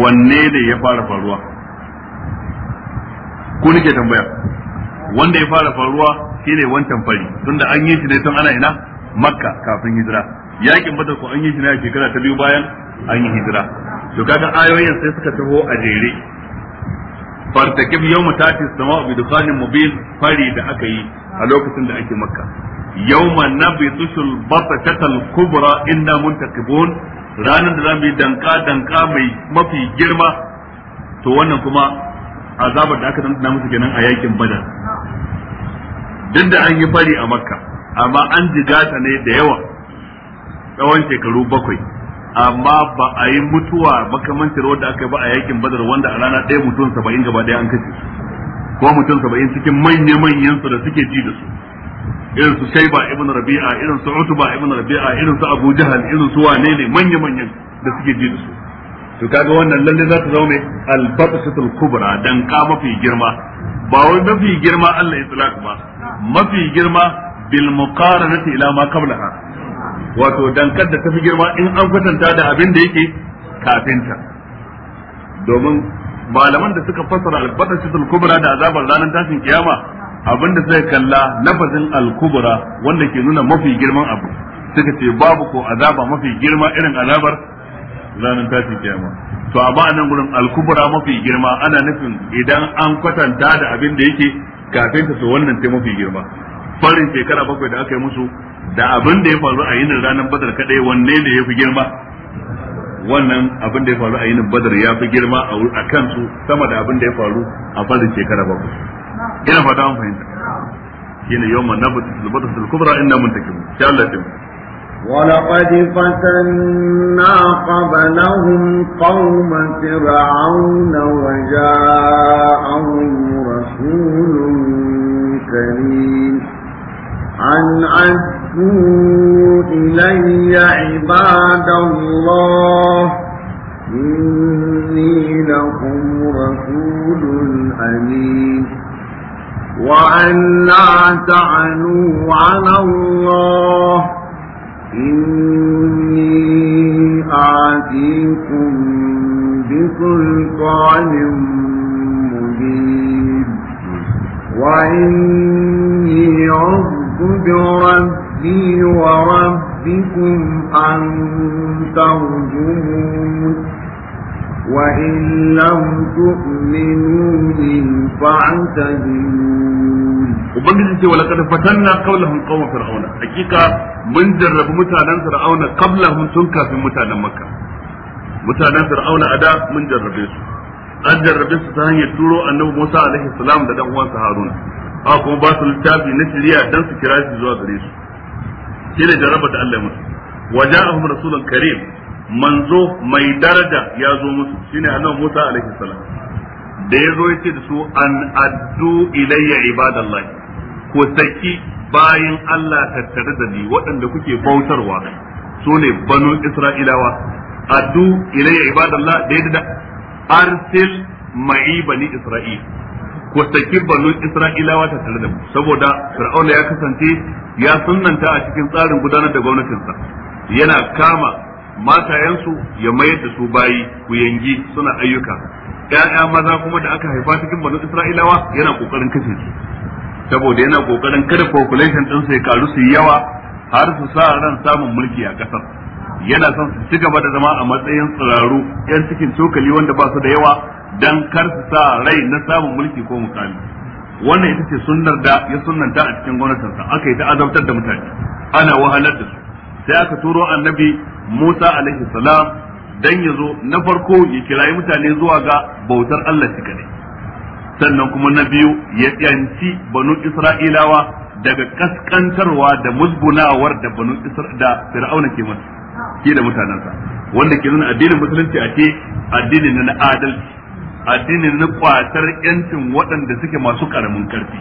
wanne ne ya fara faruwa ku nike tambaya wanda ya fara faruwa ne wancan fari tunda an yi shi ne tun ana ina makka kafin hijira yakin badar ko an yi shi ne a shekara ta biyu bayan an yi hijira to kaga ayoyin sai suka taho a jere fartakib yawma mutatis sama'u bi dukhanin mubin fari da aka yi a lokacin da ake makka yawma nabitsul batatatal kubra inna muntakibun ranar da zamu yi danka danka mai mafi girma to wannan kuma azabar da aka tantana musu kenan a yakin badar duk da an yi fari a makka amma an jigata ne da yawa tsawon shekaru bakwai amma ba a yi mutuwa makamancin wadda aka yi ba a yakin badar wanda a rana ɗaya mutum saba'in gaba ɗaya an kashe ko mutum saba'in cikin manya manyan su da suke ji da su irin su shaiba ibn rabi'a irin su utba ibn rabi'a irin su abu jahal irin su wane ne manya manyan da suke ji da su to kaga wannan lalle za ta zaune mai albatsatul kubra dan ka mafi girma ba wai mafi girma Allah itlaq ba mafi girma bil muqaranati ila ma qablaha wato dankar da tafi girma in an kwatanta da abin da yake kafinta domin malaman da suka fassara al-batatul kubra da azabar ranar tashin kiyama abinda sai kalla lafazin al-kubra wanda ke nuna mafi girman abu suka ce babu ko azaba mafi girma irin azabar ranar tashin kiyama to amma anan gurin al-kubra mafi girma ana nufin idan an kwatanta da abin da yake kafin ta so wannan sai mafi girma farin shekara bakwai da aka yi musu da abin da ya faru a yinin ranar badar kadai wanne ne ya fi girma wannan abin da ya faru a yinin badar ya fi girma a kansu sama da abin da ya faru a farin shekara bakwai ina fata an fahimta shine yawma nabtu al-batul kubra kubura muntakimun sha Allah ta ولقد فتنا قبلهم قوم فرعون وجاءهم رسول كريم عن عز فأوحوا إلي عباد الله إني لكم رسول أمين وأن لا تَعْنُوا على الله إني آتيكم بسلطان مبين وإني عذت بربي ربي وربكم أن ترجمون وإن لم تؤمنوا لي فاعتزلون وبنجد ولقد فتنا قولهم قوم فرعون حقيقة من جرب متانا فرعون قبلهم تنكا في متانا مكة متانا فرعون أداء من جربه an jarrabe su ta hanyar turo annabi Musa alaihi salam da dan uwansa Haruna ba kuma ba su littafi na shari'a dan su kira shi zuwa gare su shine jarrabar da Allah ya musu waja'ahum rasulun karim manzo mai daraja ya zo musu shine annabi Musa alaihi salam da ya zo yace da su an addu ilayya ibadallah ko saki bayin Allah tattare da ni waɗanda kuke bautarwa su ne banu Isra'ilawa addu ilayya ibadallah da yadda arsil ma'i bani Isra'il ku saki banu isra'ilawa ta tare da mu saboda fir'auna ya kasance ya sunnanta a cikin tsarin gudanar da gwamnatinsa yana kama matayensu ya mayar da su bayi ku yangi suna ayyuka ya'ya maza kuma da aka haifa cikin banu isra'ilawa yana kokarin kashe su saboda yana kokarin kada population din su ya karu su yawa har su sa ran samun mulki a kasar yana son su ci gaba da zama a matsayin tsiraru yan cikin cokali wanda ba su da yawa dan kar su sa rai na samun mulki ko mukami wannan ita ce sunnar da ya sunnanta a cikin gwamnatinsa aka yi ta azabtar da mutane ana wahalar da su sai aka turo annabi Musa alaihi salam dan ya zo na farko ya kirayi mutane zuwa ga bautar Allah shi kadai sannan kuma na biyu ya tsanci banu Isra'ilawa daga kaskantarwa da musgunawar da banu da Fir'auna ke masa ke da mutanansa. wanda ke nuna addinin musulunci a ce addini na adalci addini na kwatar yancin waɗanda suke masu karamin karfi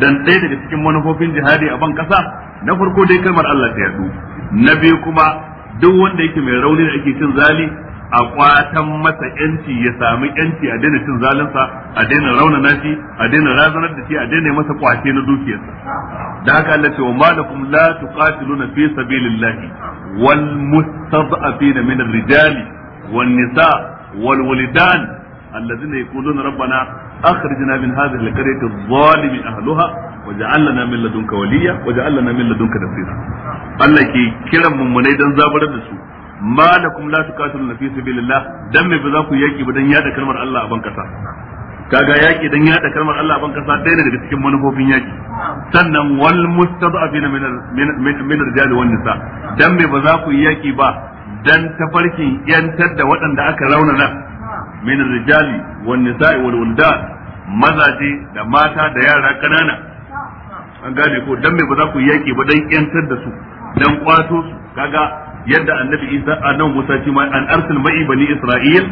dan ɗaya daga cikin manufofin jihadi a ban kasa na farko dai kalmar Allah ta yadu na biyu kuma duk wanda yake mai rauni da ake cin zali a kwatan masa yanci ya sami yanci a daina cin zalinsa a daina raunana shi a daina razanar da shi a daina masa kwace na dukiyarsa da haka Allah ce wa malakum la tuqatiluna fi sabilillahi wal mustad'afina min ar-rijali wan nisa wal walidan الذين يقولون ربنا أخرجنا من هذه القرية الظالم أهلها واجعل لنا من لدنك وليا واجعل لنا من لدنك نصيرا الله كي كرم من مني دان زابر دسو ما لكم لا تقاتلون في سبيل الله دم بذاكو يكي بدن يادا كلمة الله أبن كسا kaga yaki dan yada kalmar Allah ban kasa ɗaya ne daga cikin manufofin yaki sannan wal mustada'afina min min rijali wan nisa dan me ba za ku yaki ba dan tafarkin yantar da waɗanda aka raunana min rijali wan nisa'i wal wuldan mazaje da mata da yara kanana an gane ko dan me ba za ku yaki ba dan yantar da su dan kwato su kaga yadda annabi isa annabi musa shi ma an arsil ma'i bani isra'il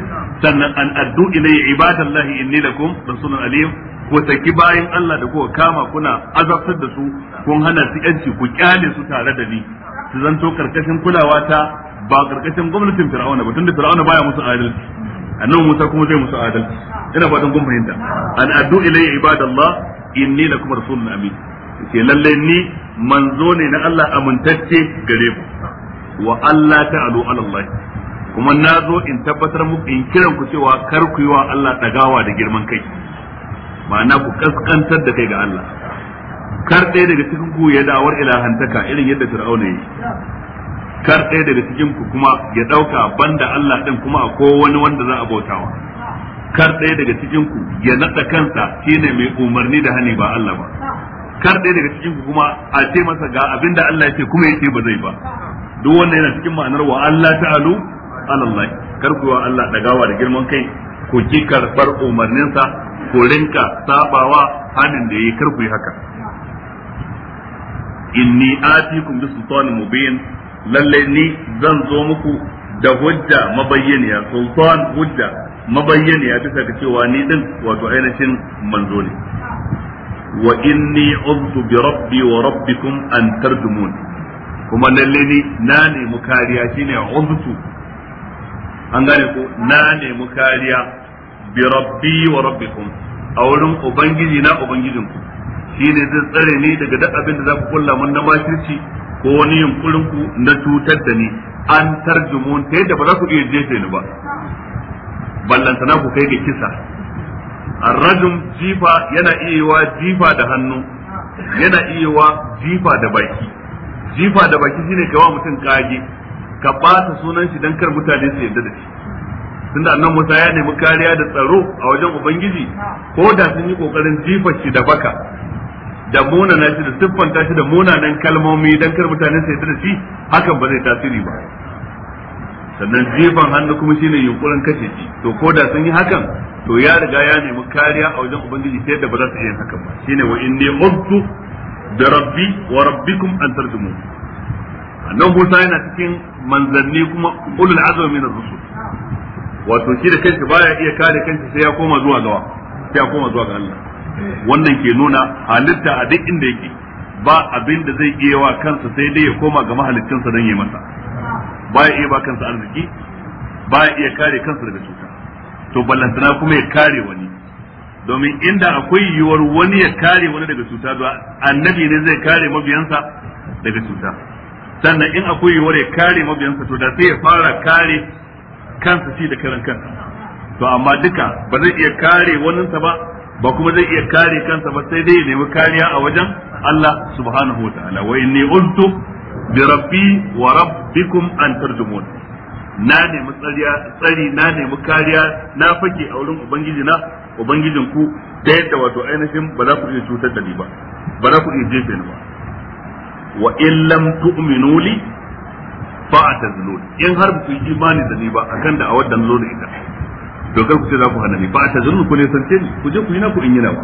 sannan an addu ilayya ibadallahi inni lakum rasulun alim ku saki bayan Allah da kuka kama kuna azabtar da su kun hana su yanci ku kyale su tare da ni su zanto karkashin kulawa ta ba karkashin gwamnatin fir'auna ba tunda fir'auna baya musu adalci annabi Musa kuma zai musu adalci ina fatan kun fahimta an addu ilayya ibadallah inni lakum rasulun amin ce lalle ni manzo ne na Allah amintacce gare ku wa Allah ta'alu ala Allah kuma na zo in tabbatar muku in kiran ku cewa kar ku yi wa Allah dagawa da girman kai ma'ana ku kaskantar da kai ga Allah kar ɗaya daga cikin ku ya dawar ilahantaka irin yadda Fir'auna yi kar ɗaya daga cikin ku kuma ya ɗauka banda Allah ɗin kuma a wani wanda za a bautawa kar ɗaya daga cikin ku ya naɗa kansa shine mai umarni da hani ba Allah ba kar ɗaya daga cikin ku kuma a ce masa ga abinda da Allah ce kuma ya ce ba zai ba duk wanda yana cikin ma'anar wa Allah ta'alu Allah kar ku wa Allah dagawa da girman kai ku ki karɓar umarninsa ku rinka sabawa hanin da ya kar ku yi haka inni atikum bi mubin lalle ni zan zo muku da hujja mabayyaniya sultan hujja mabayyaniya bisa ga cewa ni din wato ainihin manzo ne wa inni udtu bi rabbi wa rabbikum an tardumun kuma lalle ni na nemi kariya shine udtu an gane ko na nemi kariya bi rabbi wa rabbikum a wurin ubangiji na ubangijinku shine zai tsare ni daga duk abin da za ku kulla mun na makirci ko wani yunkurin ku na cutar da ni an tarjumun ta yadda ba za ku iya jefe ni ba ballantana ku kai ga kisa arrajum jifa yana iya jifa da hannu yana iya jifa da baki jifa da baki shine ka wa mutum kage ka ɓata sunan shi dan kar mutane su yarda da shi tunda annan Musa ya nemi kariya da tsaro a wajen Ubangiji ko da sun yi kokarin jifa shi da baka da na shi da siffanta shi da munanan kalmomi dan kar mutane su yarda da shi hakan ba zai tasiri ba sannan jefan hannu kuma shine yunkurin kashe shi to ko da sun yi hakan to ya riga ya nemi kariya a wajen ubangiji sai da ba za su iya hakan ba shine wa inni qultu da rabbi wa rabbikum an tarjumu annabi Musa yana cikin manzanni kuma ulul azmi min ar-rusul wato shi da kansa baya iya kare kansa sai ya koma zuwa gawa sai ya koma zuwa ga Allah wannan ke nuna halitta a duk inda yake ba abin da zai iya wa kansa sai dai ya koma ga mahaliccinsa don yi masa ba ya iya ba kansa arziki ba ya iya kare kansa daga cuta to ballantana kuma ya kare wani domin inda akwai yiwuwar wani ya kare wani daga cuta da annabi ne zai kare mabiyansa daga cuta sannan in akwai yiwuwar ya kare mabiyansa to da sai ya fara kare kansa shi da karan kansa to amma duka ba zai iya kare waninsa ba ba kuma zai iya kare kansa ba sai dai ya nemi kariya a wajen Allah subhanahu wa ta'ala wa inni qultu bi rabbi wa rabbikum an tarjumun na nemi tsariya tsari na nemi kariya na fake a wurin ubangiji na ubangijin ku da yadda wato ainihin ba za ku iya cutar da ni ba ba za ku iya jefe ni ba wa in lam tu'minu li fa atazlun in har ku yi imani da ni ba akan da a wadan zo ita to kar ku ce za ku hana ni ba ta zunnu ku ne san ni ku je ku yi na ku in yi na ba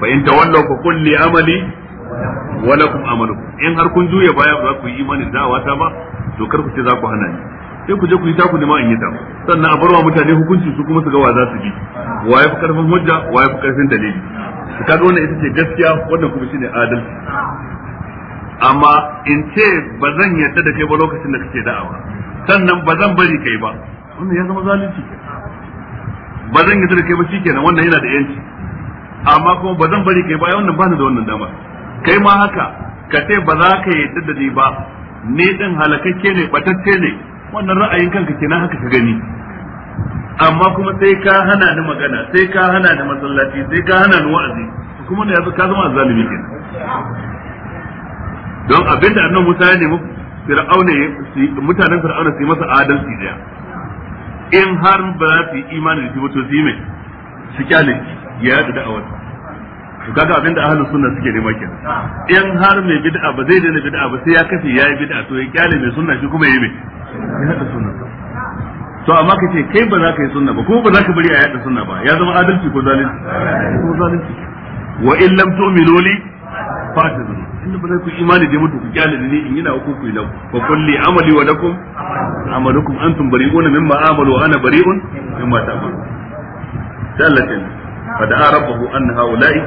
fa in tawallaw fa qul li amali wa lakum amalukum in har kun juya baya ba ku yi imani da wata ba to kar ku ce za ku hana ni sai ku je ku yi taku ne ma in yi ta sannan a barwa mutane hukunci su kuma su ga wa za su bi wa ya fi karfin hujja wa ya fi karfin dalili su ga wannan ita ce gaskiya wannan kuma shine adalci amma in ce ba zan yarda da kai ba lokacin da kake da'awa sannan ba zan bari kai ba wannan ya zama zalunci ba zan yi da kai ba shikenan wannan yana da yanci amma kuma ba zan bari kai ba wannan bani da wannan dama kai ma haka ka ce ba za ka yadda da ni ba ni din halakakke ne batacce ne wannan ra'ayin kanka kenan haka ka gani amma kuma sai ka hana ni magana sai ka hana ni masallaci sai ka hana ni wa'azi kuma ne yanzu ka zama zalimi kenan don abinda annabi Musa ya nemi fir'auna mutanen fir'auna su yi masa adalci daya in har ba za su yi imani da shi su yi mai su kyale ya da awar su kaga abin da ahalin sunna suke nema kenan in har mai bid'a ba zai daina bid'a ba sai ya kafi yi bid'a to ya kyale mai sunna shi kuma yi mai ya hada sunna to amma ka ce kai ba za ka yi sunna ba kuma ba za ka bari a yadda sunna ba ya zama adalci ko zalunci ko zalunci wa in lam tu'minu li tunda ba za ku imani da mutu ku kyale ni in yana ku ku lahu fa kulli amali wa lakum amalukum antum bari'un mimma amalu wa ana bari'un mimma ta'malu dalatin fa da'a rabbahu anna haula'i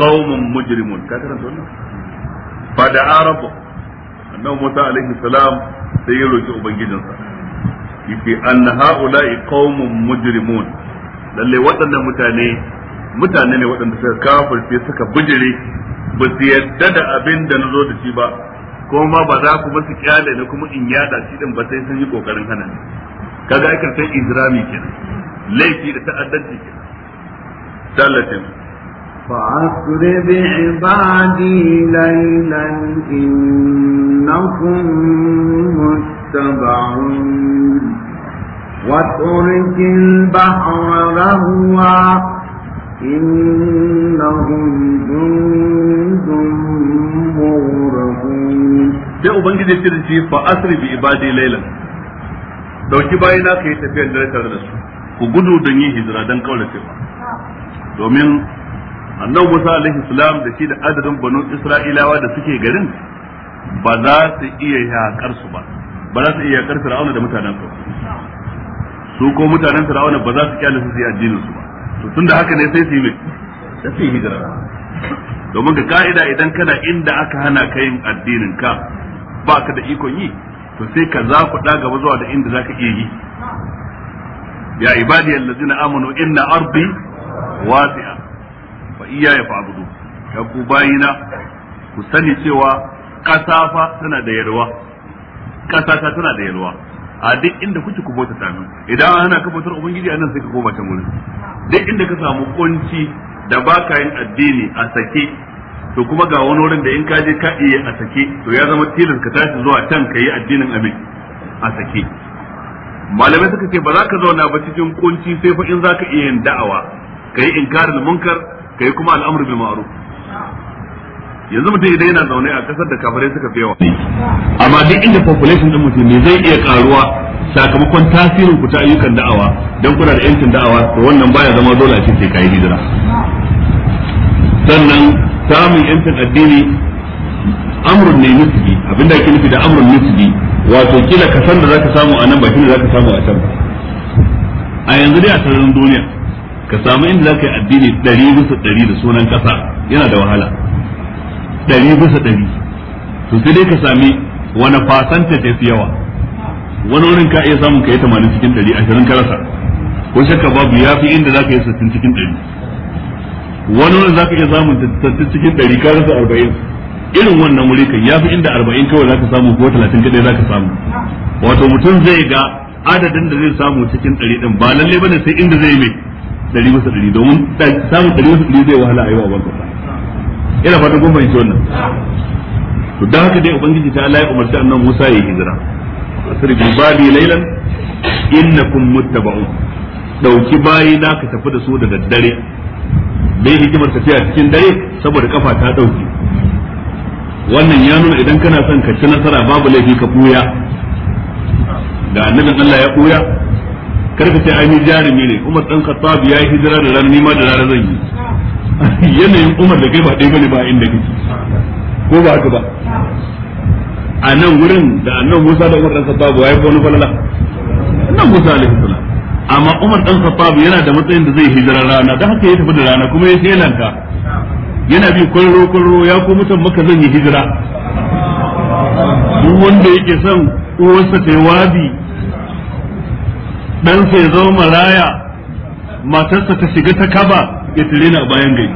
qaumun mujrimun ka karanta wannan fa da'a rabbahu annahu Musa alaihi salam sai ya roki ubangijinsa yace anna haula'i qaumun mujrimun lalle waɗannan mutane mutane ne waɗanda suka kafirce suka bijire ba su yadda da abin da na zo da shi ba kuma ba za ku ba su kyale ni kuma in yada shi din ba sai sun yi kokarin hana ni kaga aikin sai ijrami kenan laifi da ta'addanci kenan sallatin فأسر بعبادي ليلا إنكم متبعون واترك البحر رهوا sai ubangiji ya da shi fa asri bi ibadi lailan. dauki bayan na yi tafiyar dare tare da su ku gudu don yin hijira don cewa domin annabi Musa alaihi salam da shi da adadin banu Isra'ilawa da suke garin ba za su iya yakar su ba ba za su iya yakar Fir'auna da mutanen su su ko mutanen Fir'auna ba za su kyale su yi addinin su ba to da haka ne sai su yi da su yi hijira domin ga ka'ida idan kana inda aka hana ka yin addinin ka ba ka da ikon yi to sai ka za ku ɗaga gaba zuwa da inda za ka iya yi ya ibadi allazina amanu inna ardi wasi'a fa ya fa'budu ya ku bayina ku sani cewa ƙasa tana da yalwa ƙasa tana da yalwa a duk inda kuke ku bauta samu, idan ana ka bautar ubangiji a nan sai ka koma can wurin duk inda ka samu kunci da baka yin addini a sake to kuma ga wani wurin da in ka je ka iya a sake to ya zama tilas ka tashi zuwa can ka yi addinin amin a sake malamai suka ce ba za ka zauna ba cikin kunci sai fa in za ka iya yin da'awa ka yi inkarin munkar ka yi kuma al'amur bil ma'ruf yanzu mutum idan yana zaune a kasar da kafare suka fi yawa amma duk inda population din mutum ne zai iya karuwa sakamakon tasirin ku ta ayyukan da'awa dan kuna da yancin da'awa to wannan baya zama dole a cikin kai hijira sannan samun yancin addini amrun ne nisbi abinda ake nufi da amrun nisbi wato kila ka san da zaka samu a nan ba kila zaka samu a can a yanzu dai a sararin duniya ka samu inda zaka yi addini 100 bisa 100 da sunan kasa yana da wahala Dari bisa dari to sai dai ka sami wani fasanta ta fi yawa wani wurin ka iya samun ka yi tamanin cikin dari ashirin ka rasa ko shakka babu ya fi inda za ka yi sittin cikin dari. wani wurin za ka iya samun sittin cikin dari ka rasa arba'in irin wannan wuri kan ya fi inda arba'in kawai za ka samu ko talatin kadai za ka samu wato mutum zai ga adadin da zai samu cikin dari din ba lallai bane sai inda zai mai dari bisa dari domin samun dari bisa dari zai wahala a yi wa banka ina fata kun fahimci wannan to dan haka dai ubangiji ta Allah ya umarci annabi Musa ya hijira asri bi bali laylan innakum muttaba'un dauki bayi na ka tafi da su da daddare bai hikimar tafiya cikin dare saboda kafa ta dauke wannan ya nuna idan kana son ka ci nasara babu laifi ka buya da annabin Allah ya buya karka ce ai ni jarumi ne kuma dan Khattab ya hijira da ran nima da ranar zan yi yanayin umar da kai ba ɗaya bane ba inda kake ko ba haka ba a nan wurin da annan Musa da Umar dan Khattab ya ko wani falala nan Musa alaihi salam amma Umar dan Khattab yana da matsayin da zai hijira rana da haka ya tafi da rana kuma ya lanka yana bi kwallo kwallo ya ko mutan maka zan yi hijira duk wanda yake son uwarsa ta yi wadi ɗansa ya zama maraya matarsa ta shiga ta kaba ya tare ni a bayan gari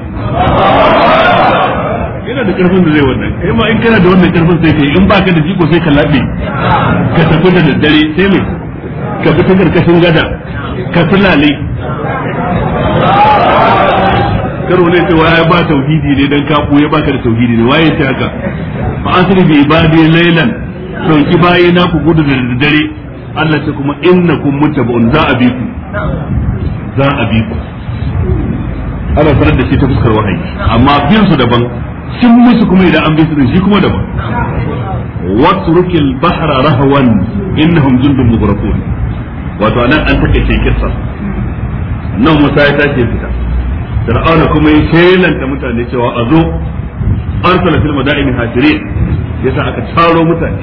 yana da karfin da zai wannan kai ma in kana da wannan karfin sai kai in baka da jiko sai ka labe ka tafi da daddare sai mai ka bi ta karkashin gada ka sulale karo ne cewa ya ba tauhidi ne dan kafu ya baka da tauhidi ne waye ta haka fa asri bi ibadi laylan sauki baye na ku gudu da dare Allah ta kuma innakum mutabun za a bi ku za a bi ku ana sanar da shi ta fuskar wahayi amma bin su daban sun musu kuma idan an bi su shi kuma daban watrukil bahra rahwan innahum jundun mughraqun wato anan an takeice kissa nan Musa ya tashi fita Fir'auna kuma ya shelanta mutane cewa a zo arsala fil madaini hasirin yasa aka taro mutane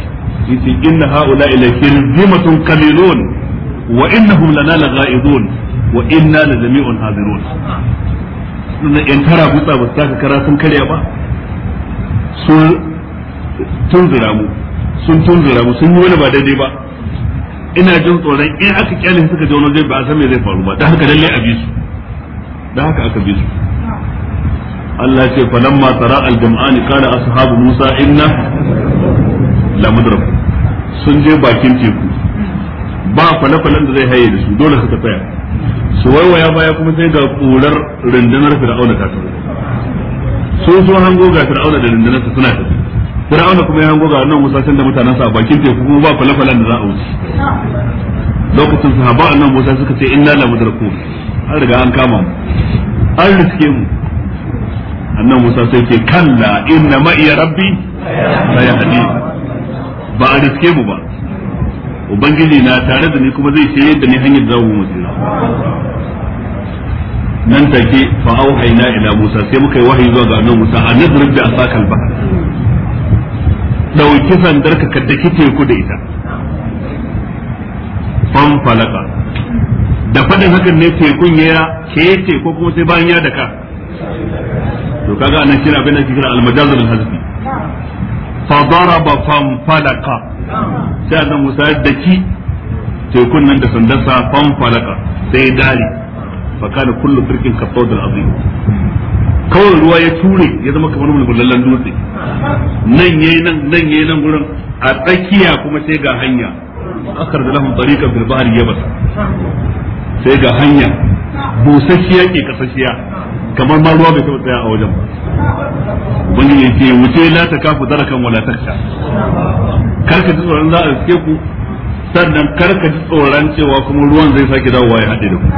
yace inna haula ila kirzimatun qalilun wa innahum lana laghaizun wa inna la jami'un hadirun yan tara hutsa ba su taka kara sun karya ba sun tunzura mu sun tunzura mu sun yi wani ba daidai ba ina jin tsoron in aka kyale suka je wani zai ba a san me zai faru ba da haka lalle a bi su da haka aka bi su Allah ce falamma tara al-jam'ani qala ashabu Musa inna la mudrab sun je bakin teku ba kwale da zai haye da su dole suka tsaya su waiwaya baya kuma sai ga kurar rundunar fir'auna ta tafi sun zo hango ga fir'auna da rundunar suna tafi fir'auna kuma ya hango ga annabi Musa da mutanen sa a bakin teku kuma ba falafalan da za a wuce lokacin ba annabi Musa suka ce inna la mudarku an riga an kama mu an riske mu annan Musa sai ce kalla inna ma iya rabbi ya yahdi ba a riske mu ba ubangiji na tare da ni kuma zai shirye da ni hanyar zawo mu nan take fa auhayna ila Musa sai muka yi wahayi zuwa ga annabi Musa a nadrib da asakal ba dauki sandar ka kike teku da ita Fam falaka da fadin hakan ne tekun ya ke teku kuma sai bayan ya daka to kaga anan kira bin nan kira al-majaz al-hazbi fa daraba fam falaka sai annabi Musa daki tekun nan da sandarsa fam falaka sai dare fa kana kullu firqin ka azim kawai ruwa ya ture ya zama kamar mulmulallan dutse nan yayi nan nan yayi nan gurin a tsakiya kuma sai ga hanya akar da lahum tariqa fil bahri yabas sai ga hanya busasshiya ke kasashiya kamar ma ruwa bai taɓa tsaya a wajen ba wani ya ce wuce la ta kafu darakan wala taksha karka ji tsoron za a riske ku sannan karka ji tsoron cewa kuma ruwan zai sake dawowa ya haɗe da ku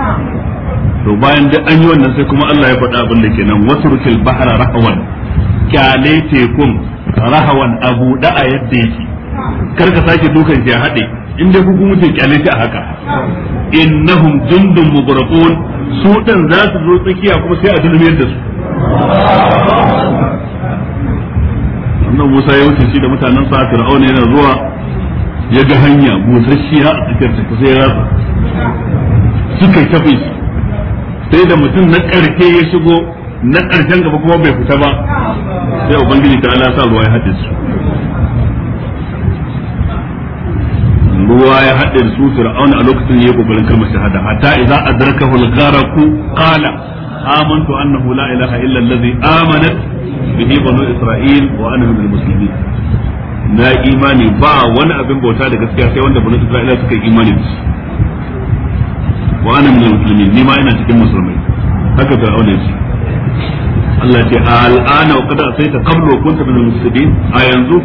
to bayan duk an yi wannan sai kuma Allah ya faɗa abin da kenan watrukil bahra rahawan kyale tekun rahawan abu da a yadda yake kar ka sake dukan ki haɗe in dai ku mutum kyale ta a haka innahum jundun mubarakun su dan za su zo tsakiya kuma sai a dulmiyar da su annabi Musa ya wuce shi da mutanen sa Fir'auna yana zuwa yaga ga hanya busasshiya a tsakiyar ta sai ya rasa suka tafi sai da mutum na ƙarshe ya shigo na ƙarshen gaba kuma bai fita ba sai ubangiji ta ala sa ruwa ya haɗe su ruwa ya haɗe su fir'auna a lokacin ya yi kokarin kalmar shahada hatta idza adrakahu al-gharqu qala amantu annahu la ilaha illa allazi amanat bihi banu isra'il wa ana minal muslimin na imani ba wani abin bauta da gaskiya sai wanda banu isra'ila suka imani da shi wa ana min muslimin ni ma ina cikin musulmai haka fir'auna ya ce Allah ce a al'ana wa kada sai ta kablo kunta min muslimin a yanzu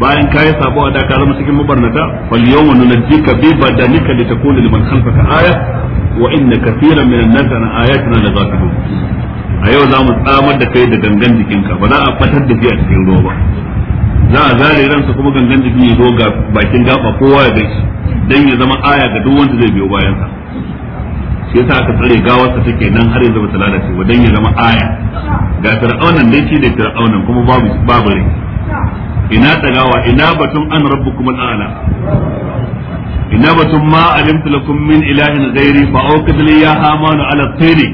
bayan ka sabuwa sabo da ka zama cikin mabarnata wal yawma nunajjika bi badanika litakuna liman khalfaka aya wa inna kathiran min an-nasi an ayatina la ghafilun a yau za mu tsamar da kai da gangan jikinka ba za a fatar da shi a cikin ruwa ba za a zare ransa kuma gangan jikin ya zo ga bakin gaba kowa ya gaishe dan ya zama aya ga duk wanda zai biyo bayan sa shi yasa aka tsare gawarsa take nan har yanzu bata lalace ba dan ya zama aya ga fir'aunan dai shi da fir'aunan kuma babu babu rai ina tagawa ina batun an rabbukum al'ala ina batun ma alimtu lakum min ilahin ghairi fa awqid li ya hamanu ala tiri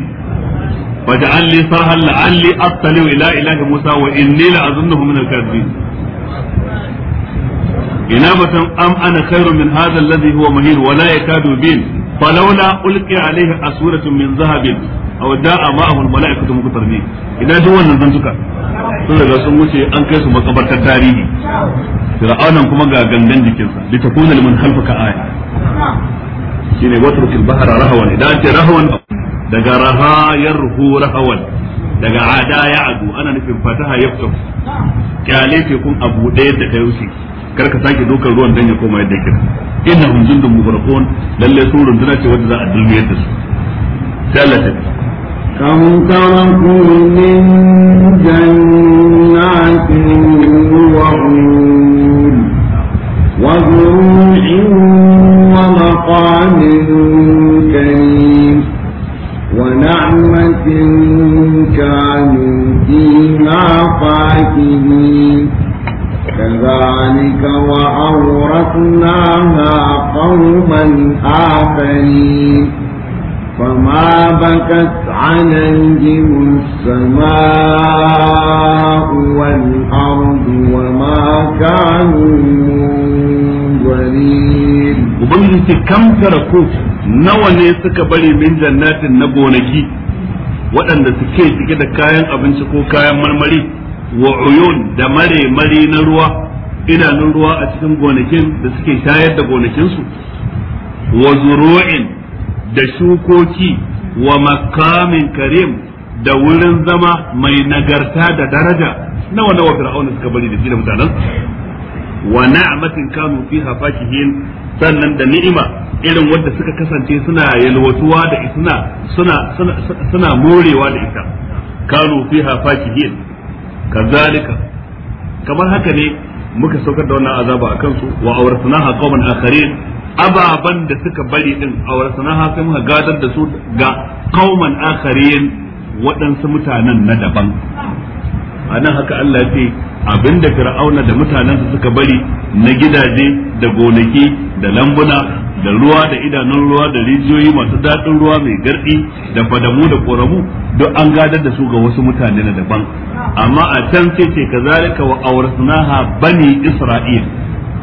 faj'al li sarhan la'alli attali ila ilahi musa wa inni la'azunnahu min al-kadhibin ina mutum am ana khairu min hadha alladhi huwa mahin wa la yakadu bin falawla ulqiya alayhi asuratun min zahabin aw da'a ma'ahu almala'ikatu mukarrabin ina duk wannan zantuka sun daga sun wuce an kai su makabartar tarihi fir'aunan kuma ga gangan jikinsa takuna liman khalfaka aya shine watrukil bahra rahawan idan ta rahawan daga raha yarhu rahawan daga ada ya adu ana nufin fataha ya fito kyale tekun abu ɗaya da ta wuce kar ka sake dokar ruwan dan ya koma yadda yake inna hum jundun mughraqun lalle su runduna ce wanda za a dulmiyar da su sai Allah ta kam taraku min jannatin wa Kazani kawai auras nama a karumin harsane, kuma ba ka sanar jimu sama wani harba makamin ko nawa ne suka bari min janet na gonaki, waɗanda suke cike da kayan abinci ko kayan marmari? wa uyun da mare mari na ruwa idanun ruwa a cikin gonakin da suke shayar da gonakinsu wa zuru'in da shukoki wa makamin karim da wurin zama mai nagarta da daraja nawa nawa fir'auna suka bari da gidan mutanen wa na'matin kanu fiha fakihin sannan da ni'ima irin wanda suka kasance suna yalwatuwa da ita suna suna morewa da ita kanu fiha fakihin kazalika kamar haka ne muka saukar da wannan azaba akan su wa awrasnaha qauman akharin ababan da suka bari din awrasnaha sai muka gadar da su ga qauman akharin waɗansu mutanen na daban anan haka Allah ya ce abinda fir'auna da mutanensa suka bari na gidaje da gonaki da lambuna da ruwa da idanun ruwa da rijiyoyi masu daɗin ruwa mai garɗi da fadamu da ƙoramu duk an gadar da su ga wasu mutane na daban amma a can ce ce ka kazalika wa awrasnaha bani isra'il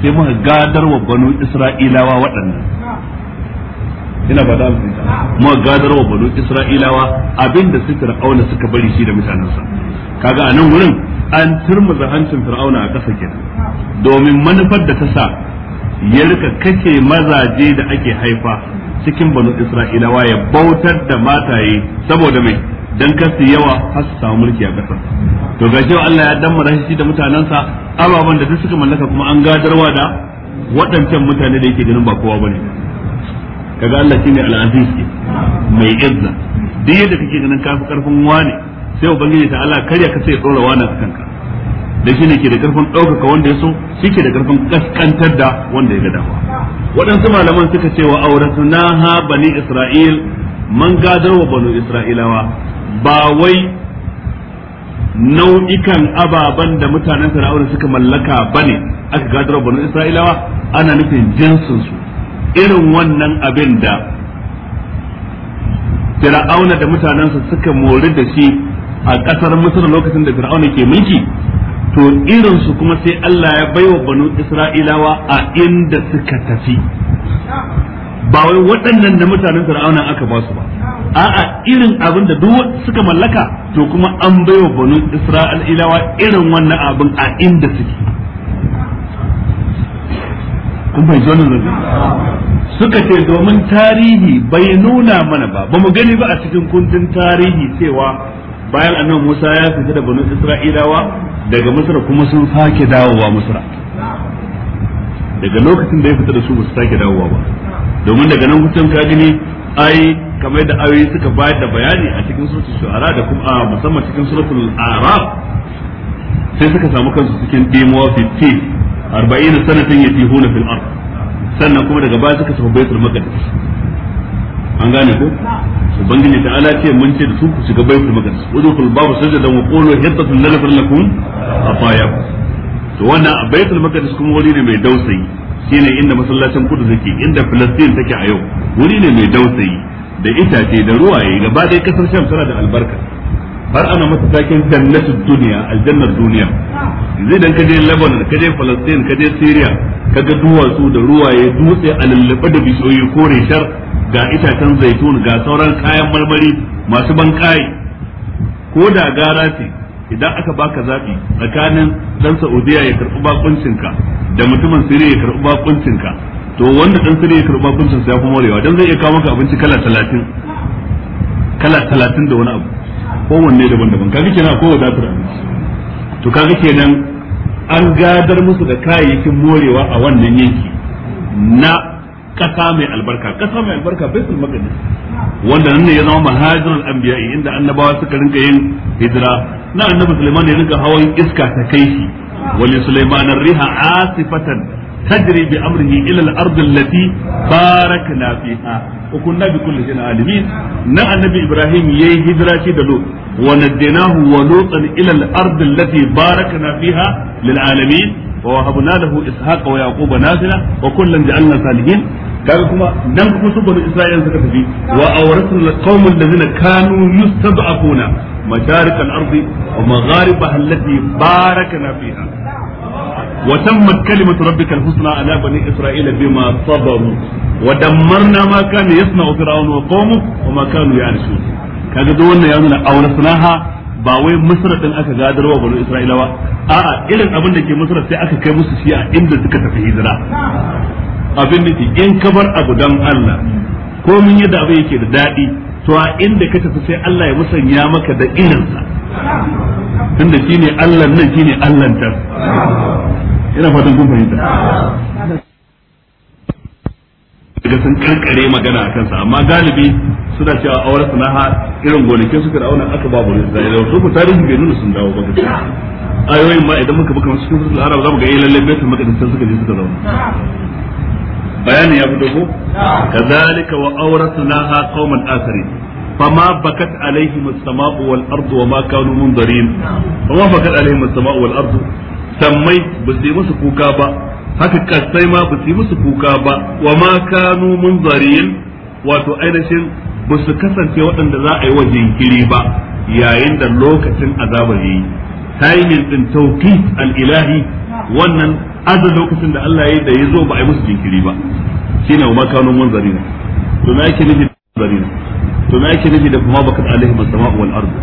sai muka gadar wa banu isra'ilawa waɗannan ina ba da muka gadar wa banu isra'ilawa abinda su fir'auna suka bari shi da mutanensa kaga a nan wurin an turmuza hancin fir'auna a ƙasa kenan domin manufar da ta sa ya rika kace mazaje da ake haifa cikin banu isra'ilawa ya bautar da mataye saboda mai dan kasu yawa har su samu mulki a kasar to ga cewa Allah ya dammara shi da mutanansa ababen da duk suka mallaka kuma an gadarwa da waɗancan mutane da yake ganin ba kowa bane kaga Allah shine al-aziz mai izza duk yadda kake ganin kafi karfin wani sai ubangiji ta Allah karya ka sai dora wani akan da shi ne ke da karfin ɗaukaka wanda ya so shi ke da karfin kaskantar da wanda ya ga dama waɗansu malaman suka ce wa ha bani isra'il man gadar wa banu isra'ilawa ba wai nau'ikan ababen da mutanen fir'auna suka mallaka ba ne aka gadar wa banu isra'ilawa ana nufin jinsinsu irin wannan abin da fir'auna da mutanensa suka mori da shi a ƙasar misir lokacin da fir'auna ke mulki to irin su kuma sai Allah ya baiwa banu Isra'ilawa a inda suka tafi ba wai waɗannan da mutanen Fir'auna aka ba su ba a'a irin abin da duk suka mallaka to kuma an baiwa banu Isra'ilawa irin wannan abin a inda suke kun bai zo nan suka ce domin tarihi bai nuna mana ba ba mu gani ba a cikin kundin tarihi cewa bayan annabi Musa ya fita da banu Isra'ilawa daga Misra kuma sun sake dawowa Misra daga lokacin da ya fita da su ba su sake dawowa ba domin daga nan kusan ka gani ai kamar da ayoyi suka bayar da bayani a cikin suratul shu'ara da kuma a musamman cikin suratul araf sai suka samu kansu cikin dimuwa fitti arba'ina sanatin yatihuna fil ard sannan kuma daga baya suka tafi baitul maqdis an gane ko ubangiji ta ala ce mun ce da su ku shiga baitul maqdis udkhul babu sajdan wa qulu hittatun nagfir lakum afaya to wannan a baitul maqdis kuma wuri ne mai dausayi shine inda masallacin kudu take inda filistin take a yau wuri ne mai dausayi da itace da ruwaye gaba dai kasar sham tana da albarka har ana masa takin jannatul duniya aljannar duniya zai dan kaje Lebanon kaje Palestine kaje Syria kaga duwatsu da ruwaye dutse a lallabe da bishiyoyi kore shar ga itacen zaitun ga sauran kayan marmari masu ban ko da gara ce idan aka baka zaɓi tsakanin dan saudiya ya karɓi bakuncinka da mutumin siriya ya karɓi bakuncinka to wanda dan siriya ya karɓi bakuncin ya fi morewa dan zai iya kawo maka abinci kala talatin kala talatin da wani abu kowanne daban-daban kaga kenan ko wadatar abinci to kaga kenan an gadar musu da kayayyakin morewa a wannan yanki na kasa mai albarka kasa mai albarka baitul maqdis wanda nan ne ya zama mahajirul anbiya inda annabawa suka rinka yin hijira na annabi Sulaiman ya rinka hawan iska ta kai shi wali Sulaiman riha asifatan tajri bi amrihi ila al-ard allati barakna fiha wa kunna bi kulli shay'in alimin na annabi Ibrahim yayi hijira shi da Lut wa nadinahu wa lutan ila al-ard allati barakna fiha lil alamin ووهبنا له اسحاق ويعقوب نافلة وكلا جعلنا صالحين kaga kuma dan kuma su bani isra'ila ka tafi wa awrasul da zina kanu yustad'afuna masharik al-ardi wa magharibaha allati barakna fiha wa tammat kalimatu rabbika al-husna ala bani isra'ila bima sabaru wa dammarna ma kana yasna'u wa wa ma kanu kaga duk ya nuna awrasnaha ba wai misra din aka gadarwa banu isra'ilawa a'a irin abin da ke misra sai aka kai musu shi a inda suka tafi hijira abin da ke in kabar abu dan Allah ko mun yadda abu yake da daɗi to a inda ka tafi sai Allah ya musanya maka da irinsa tunda shine Allah nan shine Allah ta ina fatan kun fahimta daga sun kankare magana a kansa amma galibi suna cewa suna sanaha irin gonakin suka da auna aka babu rinsa da wasu ku tarihi bai nuna sun dawo ba gaskiya ayoyin ma idan muka buka masu cikin sulhu arab zamu ga yayin eh, lalle baitul maqdis sun suka je suka zauna bayanin ya fito ko kadhalika wa awrasnaha qauman akharin فما بكت عليهم السماء والأرض وما كانوا منظرين فما بكت عليهم السماء والأرض سميت بسيمس كوكابا هكا كسيما بسيمس كوكابا وما كانوا منظرين wato ainihin ba su kasance waɗanda za a yi wa jinkiri ba yayin da lokacin azabar yayi yi din ɗin al al'ilahi wannan adda lokacin da Allah ya da yazo ba a yi musu jinkiri ba shine wa makanun munzarina to na yake nufi munzarina to na yake nufi da kuma bakar alaihim as-sama'u wal ardu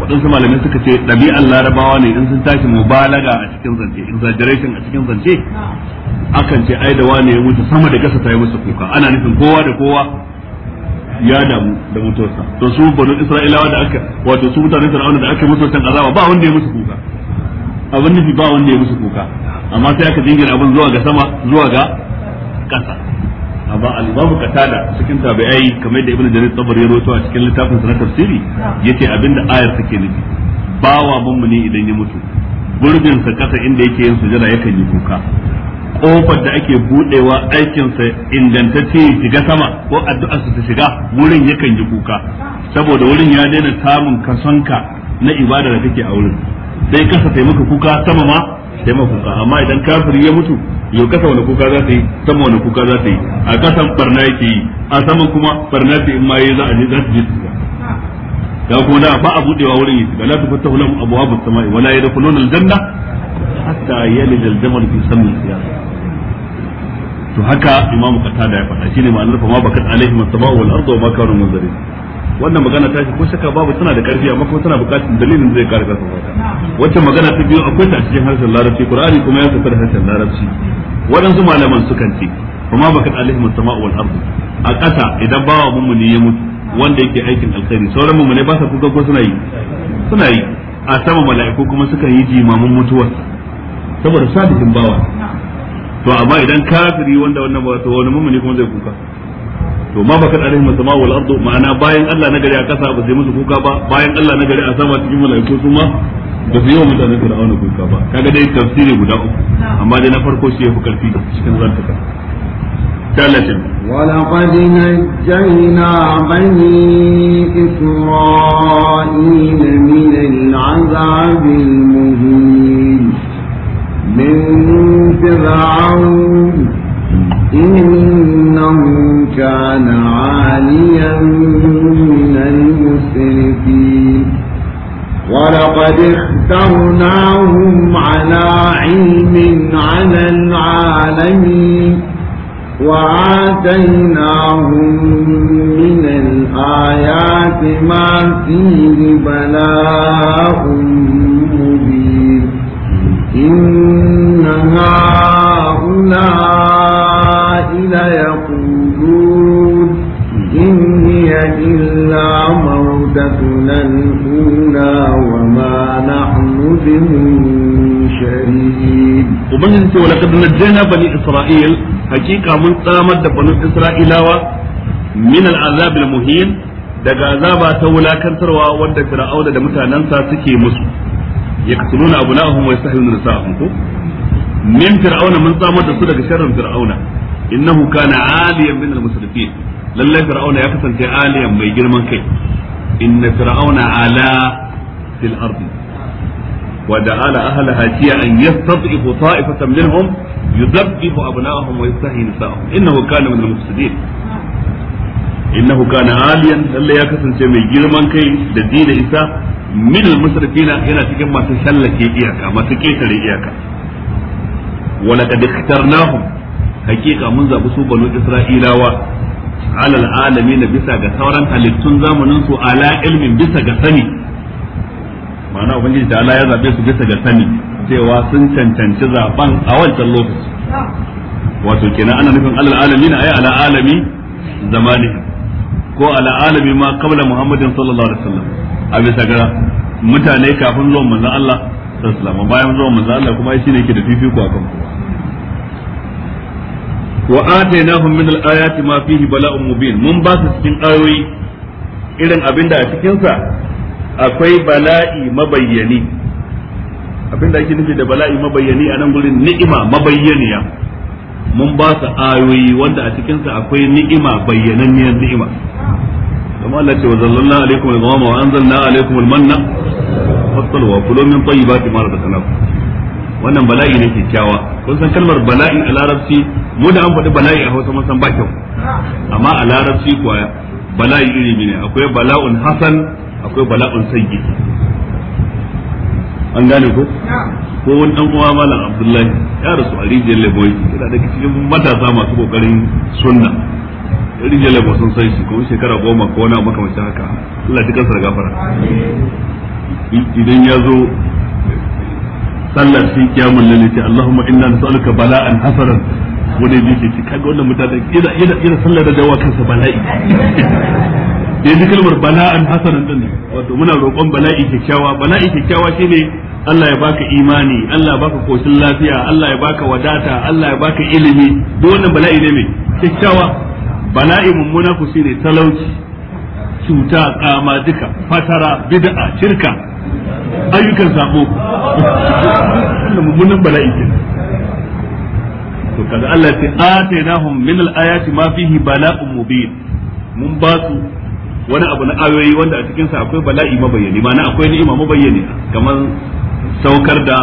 waɗansu malamai suka ce ɗabi'an larabawa ne in sun tashi mubalaga a cikin zance exaggeration a cikin zance akan ce ai da wani ya mutu sama da gasa ta yi musu kuka ana nufin kowa da kowa ya damu da mutuwarsa to su banu isra'ilawa da aka wato su mutanen fir'auna da aka musu san azaba ba wanda ya musu kuka abin nufi ba wanda ya musu kuka amma sai aka dinga abin zuwa ga sama zuwa ga kasa amma al-babu qatada cikin tabi'ai kamar da ibnu jarir tabari ya rawaito a cikin littafin sa na tafsiri yace abinda ayar take nufi bawa mummuni idan ya mutu gurbin sa kasa inda yake yin sujada yakan yi kuka kofar da ake budewa aikinsa ingantacce ya shiga sama ko addu'arsa ta shiga wurin yakan yi kuka saboda wurin ya daina samun kasonka na ibada da kake a wurin sai kasa sai maka kuka sama ma sai maka kuka amma idan kafiri ya mutu yau kasa wani kuka za ta yi sama wani kuka za ta yi a kasan barna yake yi a saman kuma barna ta in ma yi za a je za su je ga kuma da ba a budewa wurin ya shiga la tufattahu lahum abwaabus sama'i wala la yadkhuluna al-janna hatta yalija al-jamal fi sami al to haka imamu qatada ya faɗa shine ma'anar fa ma bakat alaihim as-sama'u wal ardu ma kanu munzirin wannan magana ta shi ko shaka babu tana da karfi amma ko tana bukatar dalilin zai kare karfafa ta wacce magana ta biyu akwai ta cikin harshen larabci qur'ani kuma ya saka da harshen larabci waɗansu malaman sukan ce kuma bakat alaihim as-sama'u wal ardu a ƙasa idan bawa mummuni ya mutu wanda yake aikin alkhairi sauran mummune ba sa kuka ko suna yi suna yi a sama mala'iku kuma suka yi jimamin mutuwar saboda salihin bawa to amma idan kafiri wanda wannan ba to wani mumuni kuma zai kuka to ma baka alaihi as-sama wal ardu ma'ana bayan Allah na gari a kasa ba zai musu kuka ba bayan Allah na gari a sama cikin malaiku su ma ba su yi wa mutanen fir'auna kuka ba kaga dai tafsiri guda uku amma dai na farko shi yafi karfi cikin zantuka ثالثا ولقد نجينا بني إسرائيل من العذاب المهين من فرعون إنه كان عاليا من المسرفين ولقد اخترناهم على علم على العالمين وآتيناهم من الآيات ما فيه بلاء إن هؤلاء ليقولون إن هي إلا موتتنا الأولى وما نحن بمنشرين وبنجد ولقد نجينا بني إسرائيل حقيقة من قامت بني إسرائيل من العذاب المهين daga azaba ta wulakantarwa wadda fir'auna da mutanensa suke musu yaqtuluna abna'ahum wa yastahyuna nisa'ahum ko min fir'auna mun samar da su daga sharrin fir'auna innahu kana aliyan min al-musrifin lallai fir'auna ya kasance aliyan mai girman kai inna fir'auna ala fil ardi wa da'ala ahlaha tiya an yastad'ifu ta'ifatan minhum yudabbihu abna'ahum wa yastahyi nisa'ahum innahu kana min al-mufsidin innahu kana aliyan lalle ya kasance mai girman kai da dina isa min al-musrifina yana cikin masu shallake iyaka masu ketare iyaka wa laqad ikhtarnahum hakika mun zabi su banu isra'ilawa ala al-alamin bisa ga sauran halittun zamanin su ala ilmin bisa ga sani ma'ana ubangiji ta Allah ya zabe su bisa ga sani cewa sun cancanci zaben a wancan lokaci wato kenan ana nufin alal alamin ay ala alami zamani ko ala alami ma qabla muhammadin sallallahu alaihi wasallam a bisa gara mutane kafin zuwan manzon Allah sallallahu alaihi bayan zuwan manzon Allah kuma shi ne yake da fifiko a akan wa atainahum min al-ayati ma fihi bala'un mubin mun ba su cikin ayoyi irin abinda a cikin sa akwai bala'i mabayyani abinda ake nufi da bala'i mabayyani a nan gurin ni'ima mabayyaniya mun ba su ayoyi wanda a cikinsa akwai ni'ima bayyananniyar ni'ima kuma Allah ce wa zallanna alaikum al-ghama wa anzalna alaikum al-manna fasalwa kulu min tayyibati ma razaqnakum wannan bala'i ne ke kyawa. kun san kalmar bala'i a larabci mu da an faɗi bala'i a Hausa mun san ba kyau amma a larabci kuwa bala'i iri ne akwai bala'un hasan akwai bala'un sayyi an gane ko ko wani dan uwa malam abdullahi ya rasu a rijiyar lagos yana daga cikin matasa masu kokarin sunna rijiyar lagos sun san shi kuma shekara goma ko wani abu kamar haka Allah duka kansa fara. gafara idan ya zo sallar sai kiyamun lalle ce Allahumma inna nas'aluka bala'an hasaran wanda ya ce ci kaga wannan mutane yana sallar da dawa kansa bala'i da yanzu kalmar bala'an hasanan ne wato muna roƙon bala'i kyakkyawa bala'i kyakkyawa shine Allah ya baka imani Allah ya baka koshin lafiya Allah ya baka wadata Allah ya baka ilimi duk wannan bala'i ne mai kyakkyawa bala'i mummuna ku shine talauci cuta kama duka fatara bid'a shirka ayyukan sabo wannan mummunan bala'i ke to kaga Allah ya atainahum min al-ayati ma fihi bala'un mubin mun ba su wani abu na ayoyi wanda a cikinsa akwai bala'i mabayyani ma'ana akwai ni'ima mabayyani kamar saukar da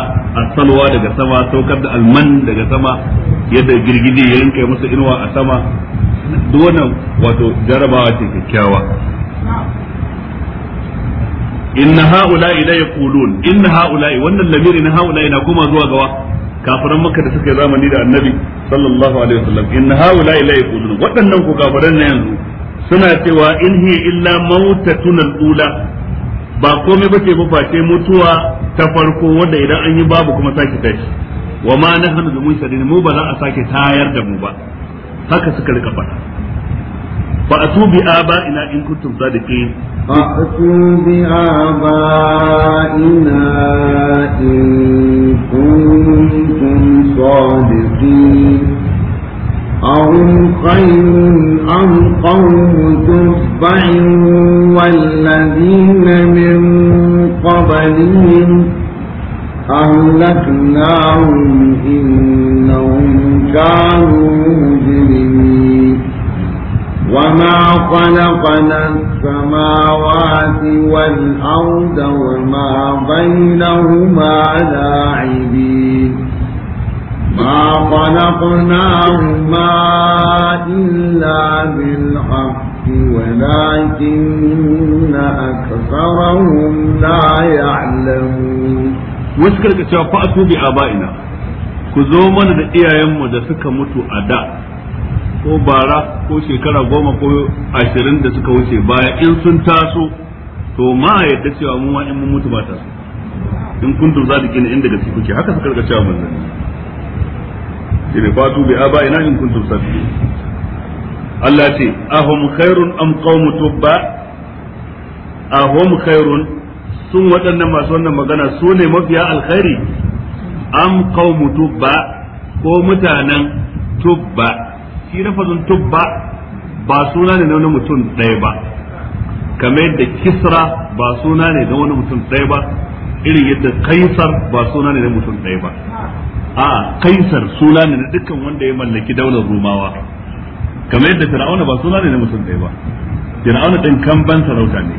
asalwa daga sama saukar da alman daga sama yadda girgije ya yanke musu inuwa a sama duk wannan wato jarabawa ce kyakkyawa inna haula ila yaqulun inna haula wannan lamiri na haula na kuma zuwa gawa kafiran makka da suka yi zamani da annabi sallallahu alaihi wasallam inna haula ila yaqulun waɗannan ku kafiran na yanzu suna cewa in hiya illa mautatuna al-ula ba komai ba ce ba face mutuwa ta farko wanda idan an yi babu kuma sake tashi wa ma da munsa da mu ba za a sake tayar da mu ba haka suka rika faɗa fa bi aba ina in kuntum sadiqin aba ina in kuntum sadiqin أهم خير أم قوم تبع والذين من قبلهم أهلكناهم إنهم كانوا مجرمين وما خلقنا السماوات والأرض وما بينهما لاعبين ما خلقناهما إلا بالحق ولكن أكثرهم لا يعلمون muskar ka cewa fa atu يمو abaina ku zo mana da iyayenmu da suka mutu a da ko bara ko shekara goma ko ashirin da suka wuce baya in sun taso to ma yadda cewa mu ma in mun mutu ba taso in kuntum gina inda gaske kuke haka suka rika cewa manzanni shine fatu bi ina in kuntum sadiqin Allah ce ahum khairun am qaumu tubba ahum khairun sun waɗannan masu wannan magana su ne mafiya alkhairi am qaumu tubba ko mutanen tubba shi lafazin tubba ba suna ne na wani mutum ɗaya ba kamar yadda kisra ba suna ne na wani mutum ɗaya ba irin yadda kaisar ba suna ne na mutum ɗaya ba a kaisar suna ne na dukkan wanda ya mallaki daular rumawa kamar yadda fir'auna ba suna ne na mutum ɗaya ba fir'auna din kamban sarauta ne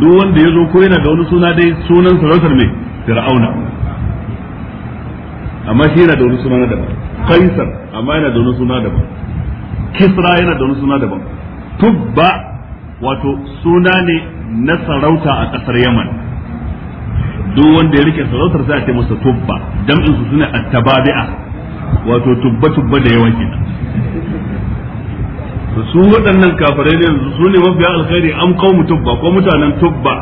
duk wanda ya zo ko yana da wani suna dai sunan sarautar ne fir'auna amma shi yana da wani suna na daban kaisar amma yana da wani suna daban kisra yana da wani suna daban tubba wato suna ne na sarauta a ƙasar yaman duk wanda ya rike sarautar sai a ce masa tubba jam'in su suna attababi'a wato tubba tubba da yawa kenan su waɗannan kafirai ne su ne mafiya alkhairi am qaumu tubba ko mutanen tubba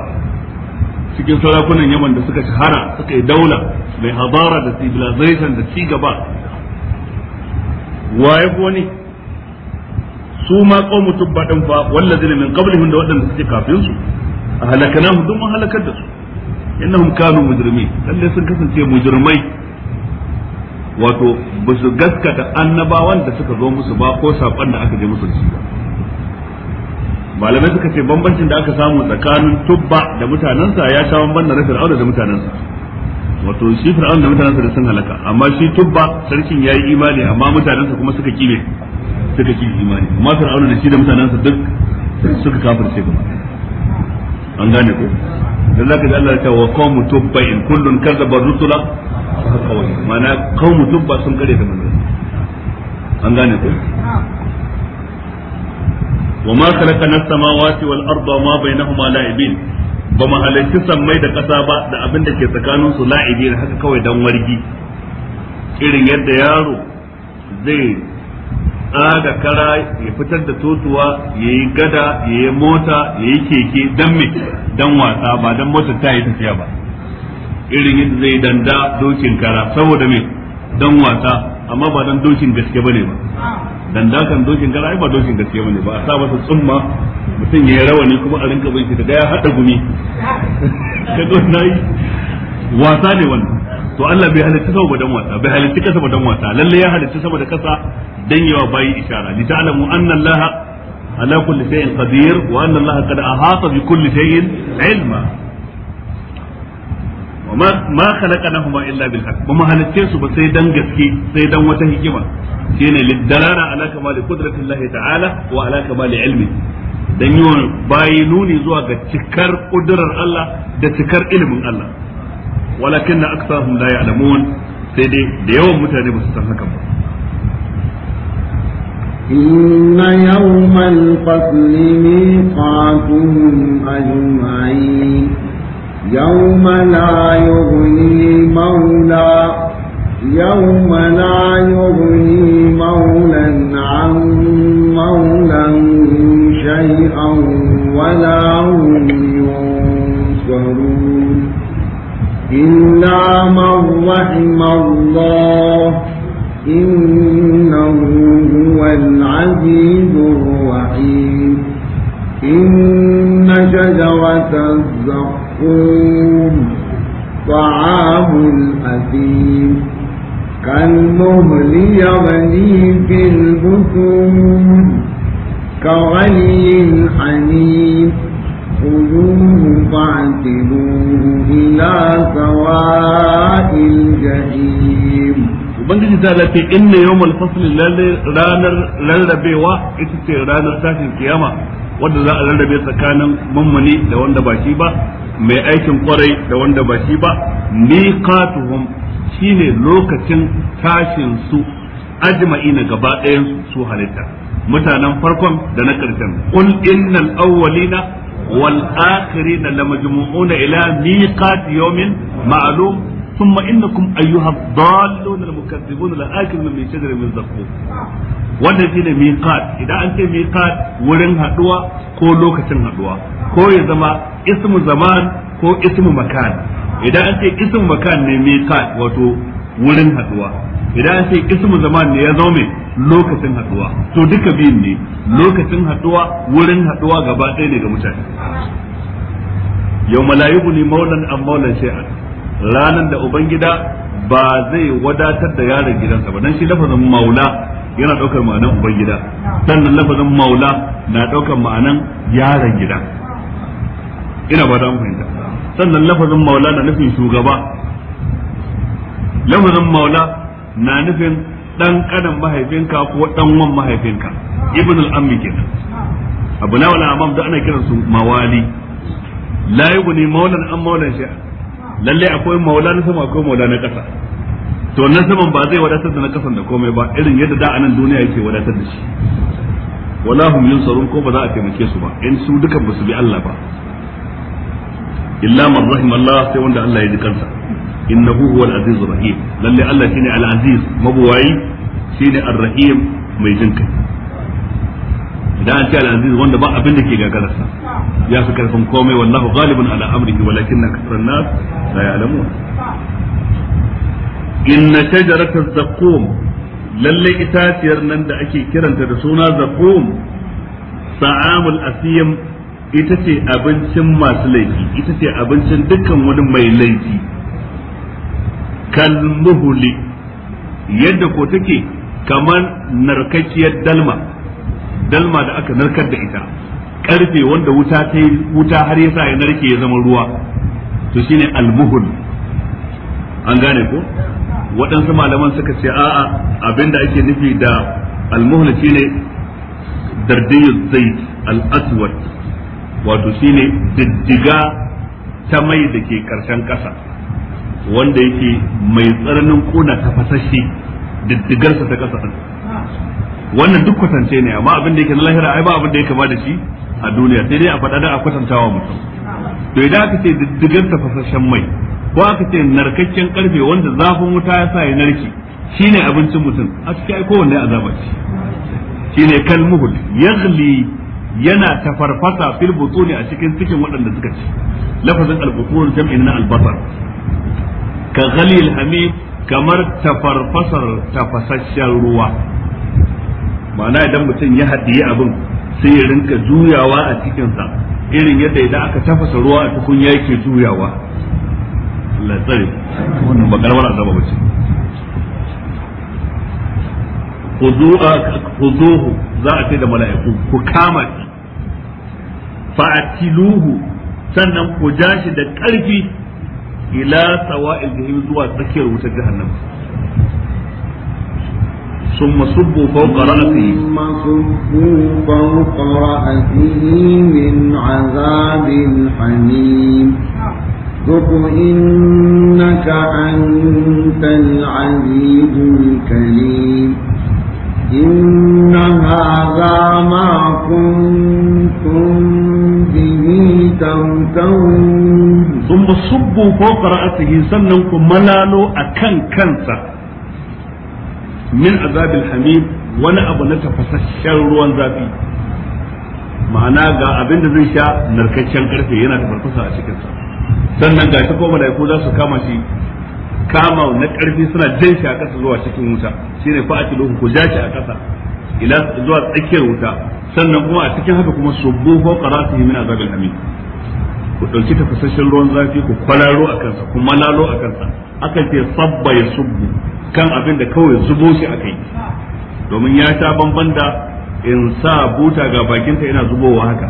cikin sarakunan yaman da suka shahara suka yi daula mai habara da civilization da ci gaba waye ko ne su ma qaumu tubba din fa wallazina min qablihim da waɗanda suke kafin su ahlakanahum dum halakar da su innahum kanu mujrimin lalle sun kasance mujrimai wato ba su gaskata annabawan da suka zo musu ba ko saƙon da aka je musu da shi ba malamai suka ce bambancin da aka samu tsakanin tubba da mutanensa ya sha bamban na fir'aun da mutanensa wato shi fir'aun da mutanensa da sun halaka amma shi tubba sarkin yayi imani amma mutanensa kuma suka kime suka ki imani amma fir'aun da shi da mutanensa duk suka kafirce ba an gane ko dan zaka ji Allah ya ce wa qawmu tubba'in kullun kadzaba rusula kawai mana qawmu tubba sun kare da manzo an gane ku wa ma khalaqna as-samawati wal arda ma bainahuma la'ibin ba mu halarci sammai da ƙasa ba da abin da ke tsakanin su la'ibi haka kawai dan wargi irin yadda yaro zai tsaga kara ya fitar da totuwa ya yi gada ya yi mota ya yi keke don me don wasa ba don motar ta yi tafiya ba irin yadda zai danda dokin kara saboda me don wasa amma ba don dokin gaske ba ne ba danda kan dokin kara ba dokin gaske ne ba a sa masa tsumma mutum ya yi rawani kuma a rinka bai shi da ya haɗa gumi wasa ne wannan to Allah bai halitta sama dan wasa bai halitta kasa dan wasa lalle ya halitta sama da kasa dan yawa bayi ishara li ta'lamu anna Allah ala kulli shay'in qadir wa anna Allah qad ahata bi kulli shay'in ilma wa ma ma khalaqnahuma illa bil haqq kuma halitte su ba sai dan gaske sai dan wata hikima shine lidalala ala kamali qudratillahi ta'ala wa ala kamali ilmi dan yawan bayi nuni zuwa ga cikar kudurar Allah da cikar ilimin Allah walakin na aksarhum la ya'lamun sai dai da yawan mutane ba su san hakan ba إن يوم الفصل ميقاتهم أجمعين يوم لا يغني مولى يوم لا يغني مولى عن مولى شيئا ولا هم ينصرون إلا من رحم الله إنه هو العزيز الرحيم إن شجرة الزقوم طعام الأثيم كالمهل يغلي في البطون كغلي الحنين خذوه فاعتلوه إلى سواء الجحيم ubangiji ta lafi inna yawmal fasli lalle ranar rarrabewa ita ce ranar tashin kiyama wanda za a rarrabe tsakanin mummuni da wanda ba shi ba mai aikin kwarai da wanda ba shi ba miqatuhum shine lokacin tashin su ajma'ina gaba ɗayan su halitta mutanen farkon da na ƙarshen qul innal awwalina wal akhirina lamajmu'una ila miqati yawmin ma'lum ثم انكم ايها الضالون المكذبون لآكلون من شجر من زقوم wannan shine miqat idan an ce miqat wurin haduwa ko lokacin haduwa ko ya zama ismu zaman ko ismu makan idan an ce ismu makan ne miqat wato wurin haduwa idan an ce ismu zaman ne ya zo mai lokacin haduwa to duka biyun ne lokacin haduwa wurin haduwa gaba ɗaya ne ga mutane yau malayibu ne maulan an maulan shay'an ranar da ubangida ba zai wadatar da yaron gidansa ba dan shi lafazin maula yana daukar ma'anan ubangida sannan lafazin maula na daukar ma'anan yaron gida ina ba da fahimta sannan lafazin maula na nufin shugaba lafazin maula na nufin dan kanan mahaifinka ko dan wan mahaifinka ibn al-ammi kenan abu na wala amam da ana kiransu mawali la yughni maulan an maulan shi. Lallai akwai maula na sama akwai maula na ƙasa to nan saman ba zai wadatar da na ƙasan da komai ba irin yadda da anan duniya yake wadatar da shi wala hum yunsarun ko ba za a taimake su ba in su dukan ba su bi Allah ba illa man rahim Allah sai wanda Allah ya ji kansa innahu huwal azizur rahim lalle Allah shine al aziz mabuwayi shine ar rahim mai jin kai da an ce al wanda ba abin da ke gagararsa ya fi karfin komai wallahu galibin ala amrihi walakin na kasar nas la ya'lamun inna shajarata zaqqum lalle itaciyar nan da ake kiranta da suna zaqqum sa'amul asiyam ita ce abincin masu laifi ita ce abincin dukkan wani mai laifi kalmuhuli yadda ko take kamar narkakkiyar dalma dalma da aka narkar da ita karfe wanda wuta ta yi wuta har yasa ya narke ya zama ruwa to shine almuhul an gane ko waɗansu malaman suka ce a'a abinda ake nufi da almuhul shine dardiyul zait al-aswad wato shine diddiga ta mai da ke karshen ƙasa wanda yake mai tsananin kuna ta fasashe diddigarsa ta ƙasa wannan duk kwatance ne amma abin da yake na lahira ai ba abin da yake ba da shi a duniya sai dai a faɗa da a kwatantawa mutum to idan aka ce diddigar tafasashen mai ko aka ce narkakken karfe wanda zafin wuta ya sa ya narki shine abincin mutum a cikin ai kowanne azaba ce shine kalmuhul yaghli yana tafarfasa fil ne a cikin cikin waɗanda suka ci lafazin al-butun jam'in na al-basar ka ghali al-hamim kamar tafarfasar tafasashen ruwa ma'ana idan mutum ya haɗiye abin sai ya rinka juyawa a cikinsa irin yadda idan aka tafasa ruwa a ya yake juyawa Allah tsare wannan ba karamar azaba ba ce khuduhu za a ce da mala'iku ku kama shi fa'atiluhu sannan ku ja shi da ƙarfi ila sawa'il yi zuwa tsakiyar wutar jahannam ثم صبوا فوق رأسه ثم صبوا فوق رأسه من عذاب الحميم ذق إنك أنت العزيز الكريم إن هذا ما كنتم به تمترون ثم صبوا فوق رأسه سنكم ملالوا أكن كنسه min azabil hamim wani abu na tafasasshen ruwan zafi ma'ana ga abin da zai sha narkakken karfe yana da farfasa a cikinsa sannan ga shi ko malaiku za su kama shi kama na karfi suna jan shi a ƙasa zuwa cikin wuta shine fa akiluhu ku ja shi a ƙasa ila zuwa tsakiyar wuta sannan kuma a cikin haka kuma su bufo qaratihi min azabil hamim ku dauki tafasasshen ruwan zafi ku kwalaro a kansa ku malalo a kansa akan ce sabba ya subbu kan abin da kawai zubo shi kai domin ya ta bamban da in sa buta ga bakinta yana zubowa haka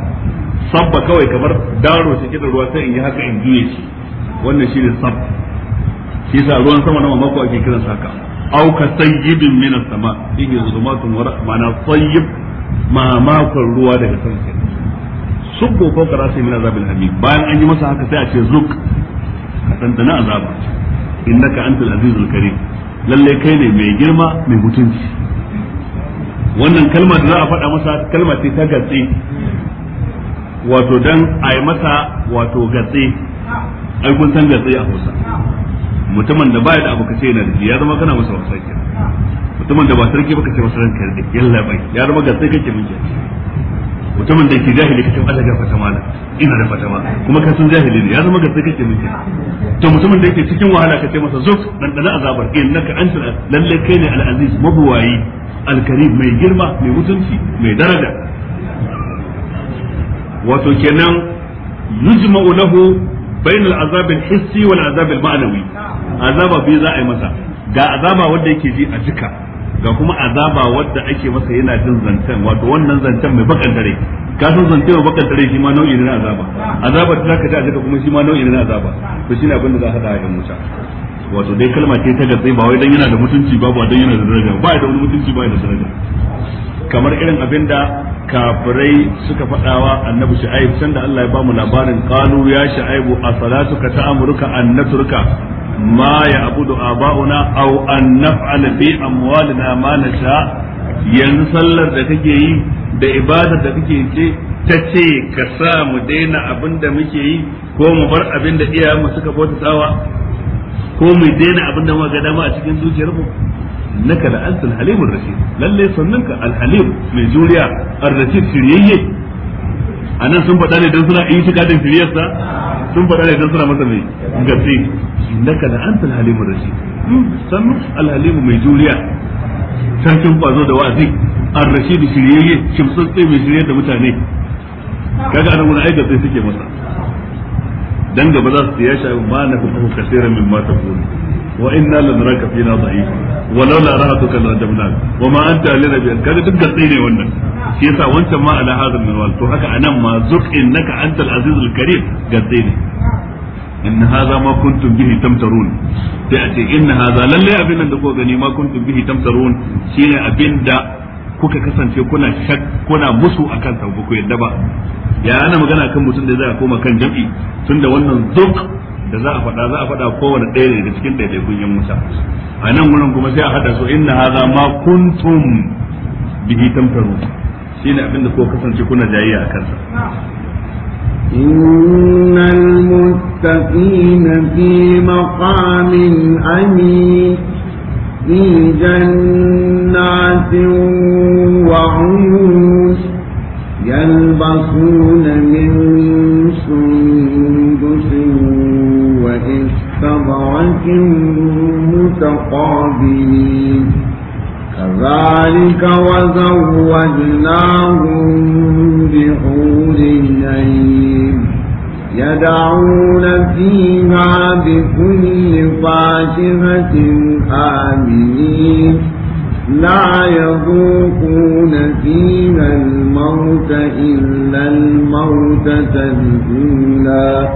sabba kawai kamar daro shi da ruwa sai in yi haka in juye shi wannan ne sab shi ruwan sama na mamako ake kiran haka au ka sayyibin min sama yake zulumatun wa rahmana sayyib mamakon ruwa daga sama subbo ko kara sai min azabil hamim bayan an yi masa haka sai a ce zuk ka tantana azaba innaka antal azizul karim lalle kai ne mai girma mai mutunci wannan kalma da za a faɗa masa kalma ce ta gatse wato dan a yi masa wato gatse aikun kun san gatse a Hausa mutumin da bai da abu kace yana da ya zama kana masa wasa mutumin da ba sarki baka ce masa ranka da yalla bai ya zama gatse kake mun mutumin da ke jahili kace Allah ya fata mala ina da fata mala kuma ka sun jahili ne ya zama gaske kake miki to mutumin da yake cikin wahala ce masa zuk dan dana azabar innaka anta lalle kai ne al-aziz mabuwayi al-karim mai girma mai mutunci mai daraja wato kenan yujma'u lahu bain al-azab al-hissi wal azab al-ma'nawi azaba bi za a yi masa ga azaba wanda yake ji a jika ga kuma azaba wadda ake masa yana jin zancen wato wannan zancen mai bakan dare ka san zance mai bakan dare shi ma nau'i ne na azaba azaba ta zaka ji a jika kuma shi ma nau'i ne na azaba to shine abin da za ka da ayyukan Musa wato dai kalma ce ta gatsai ba wai dan yana da mutunci ba ba dan yana da daraja ba da wani mutunci ba da daraja kamar irin abinda kafirai suka fadawa annabi shu'aib sanda Allah ya bamu labarin qalu ya shu'aibu a salatuka ta'amuruka an naturka. ما يعبد آباؤنا أو أن نفعل في أموالنا ما نشاء yanzu sallar da kake yi da ibadar da kake ce ta ce ka sa mu daina abin da muke yi ko mu bar abin da iyayenmu suka bauta tsawa ko mu daina abin da muka ga dama a cikin zuciyarmu naka da antal halimur rashid lalle sannan ka Al-Halim mai juriya ar-rashid shiryayye a nan sun faɗa ne don suna in shiga da firiyarsa sun faɗa ne don suna masa mai gaske innaka da antal halimu rashi san alhalimu mai juriya kin kwazo da wazi an rashi da shiryayye tsaye mai shirye da mutane kaga anan wani aikata suke masa dan gaba za su ce ya shafi ma na fitahu kaseeran min ma taqul wa inna fi na dha'if wa laula rahatuka la jamna wa ma anta alina bi Kada duk gatsai ne wannan shi yasa wancan ma ala hadha minwal to haka anan ma zuk innaka antal azizul karim gatsai ne in haza ma kuntum bihi tamtarun sai a ce in haza lalle abin da ko gani ma kuntum bihi tamtarun shine abin da kuka kasance kuna shak kuna musu akan sa ku yadda ba ya ana magana kan mutum da za a koma kan jam'i tunda wannan duk da za a faɗa za a faɗa kowane ɗaya ne da cikin kun yan musa a nan wurin kuma sai a haɗa su inna haza ma kuntum bihi tamtaru shine abinda kuka kasance kuna jayayya a kansa إن المتقين في مقام أمين في جنات وعيون يلبسون من سندس وإستبرك متقابلين كذلك وزوجناهم بحور عين يدعون فيها بكل فاكهة آمنين لا يذوقون فيها الموت إلا الموتة الأولى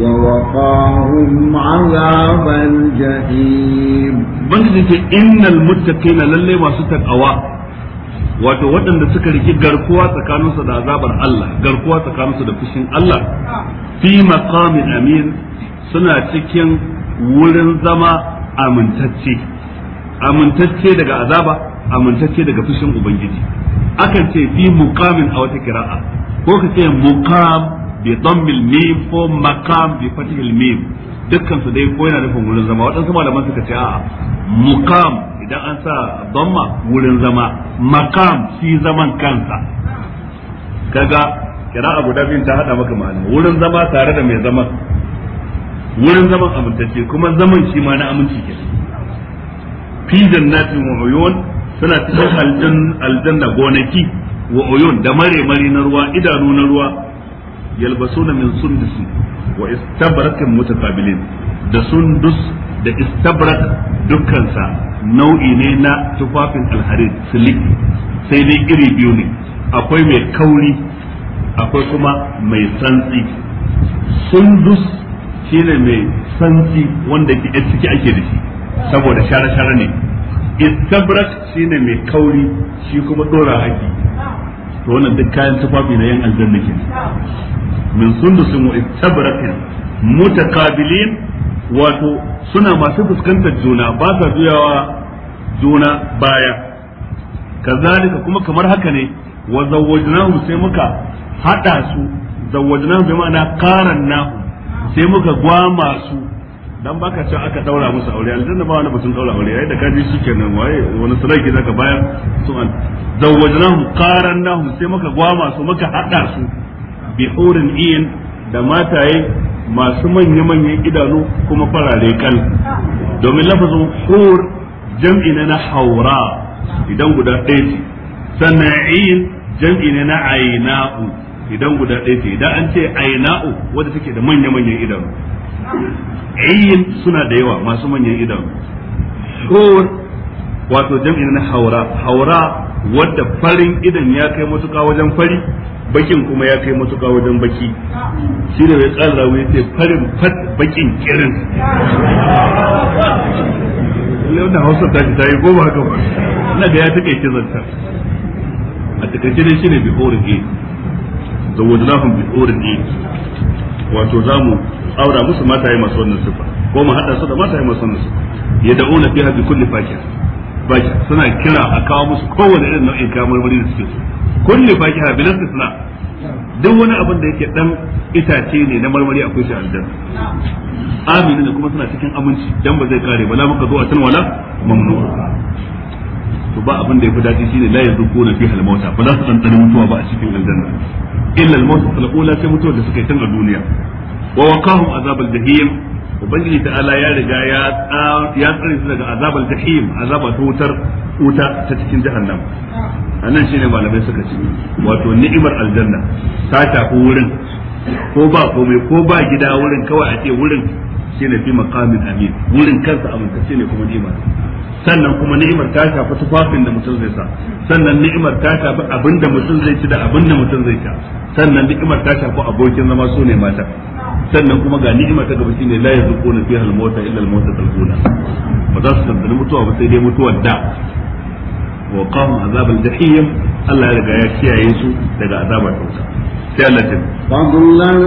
ووقاهم عذاب الجحيم بل إن المتقين للي واسطة أواه wato waɗanda suka riki garkuwa tsakaninsu da azabar Allah garkuwa tsakaninsu da fushin Allah fi maqamin amin suna cikin wurin zama amintacce amintacce daga azaba amintacce daga fushin ubangiji akan ce fi muqamin a wata kira'a ko ka ce muqam bi dammil mim ko maqam bi fatihil mim dukkan su dai ko yana nufin wurin zama waɗansu malaman suka ce a'a muqam idan an sa damma wurin zama makam shi zaman kansa kaga abu da biyun ta hada maka ma'ana wurin zama tare da mai zaman wurin zaman amintacce kuma zaman shi ma na aminci ke fi jannati wa uyun suna cikin aljanna gonaki wa uyun da mare mare na ruwa idanu na ruwa yalbasuna min sundus wa istabrakin mutaqabilin da sundus da istabrak dukkansa nau'i ne na tufafin alharin silik sai dai iri biyu ne akwai mai kauri akwai kuma mai santsi sundus shi ne mai santsi wanda ke ciki ake da shi saboda share-share ne istabrak ne mai kauri shi kuma dora haki to wannan duk kayan tufafi na yan aljanna ke min sundusin wa istabrakin mutakabilin wato suna masu fuskantar juna ba sa juyawa juna baya kazalika kuma kamar haka ne wa zawwajnahum sai muka hada su zawwajnahum bi ma'ana qarannahum sai muka gwama su dan baka cewa aka daura musu aure aljanna ba wani mutum daura aure yayin da ka ji shikenan waye wani sarki zaka bayar su an zawwajnahum qarannahum sai muka gwama su muka hada su bi hurin iyin da mataye masu manya-manyan idanu kuma farare kal domin lafazin hur jam'i na haura idan guda ɗaya ce sannan ayin jam'i na aina'u idan guda ɗaya ce idan an ce aina'u wadda take da manya-manyan idanu ayin suna da yawa masu manyan idanu hur wato jam'i na haura haura wadda farin idan ya kai matuƙa wajen fari bakin kuma ya kai matuka wajen baki shi da mai tsara rawu yace farin fat bakin kirin da hausa ta ta yi goma haka ba ina ga ya take ki zanta a takaice dai shine bi horin e zawajnahum bi horin e wato zamu aura musu mata yi masu wannan sifa ko mu hada su da yi masu wannan sifa da'una fiha bi kulli fakir baki suna kira a kawo musu kowane irin nau'in kayan marmari da suke so kulli fakiha bilas isna duk wani abin da yake dan itace ne na marmari akwai shi aljanna amin ne kuma suna cikin aminci dan ba zai kare ba la maka zuwa tan wala mamnu'a to ba abin da yafi dace shine la yazukuna fi halmauta ba za su tsantsani mutuwa ba a cikin aljanna illa almautu al-ula sai mutuwa da suka yi tun a duniya wa waqahum azab al-jahim ubangiji ta'ala ya riga ya ya tsare su daga azabal jahim azaba ta wutar wuta ta cikin jahannam anan shine malamai suka ce wato ni'imar aljanna ta tafi wurin ko ba komai ko ba gida wurin kawai a ce wurin shine fi maqamin amin wurin kansa amince ne kuma ni'imar. sannan kuma ni'imar ta shafi tufafin da mutum zai sa sannan ni'imar ta shafi abin da mutum zai ci da abin da mutum zai ta sannan ni'imar ta shafi abokin zama su ne mata sannan kuma ga ni'imar ta gaba shine la yazquna fiha al-mauta illa al-mauta al-ula ba za su tantance mutuwa ba sai dai mutuwar da wa qam azab al-jahim Allah ya riga ya kiyaye su daga azabar ta sai Allah ya fadlan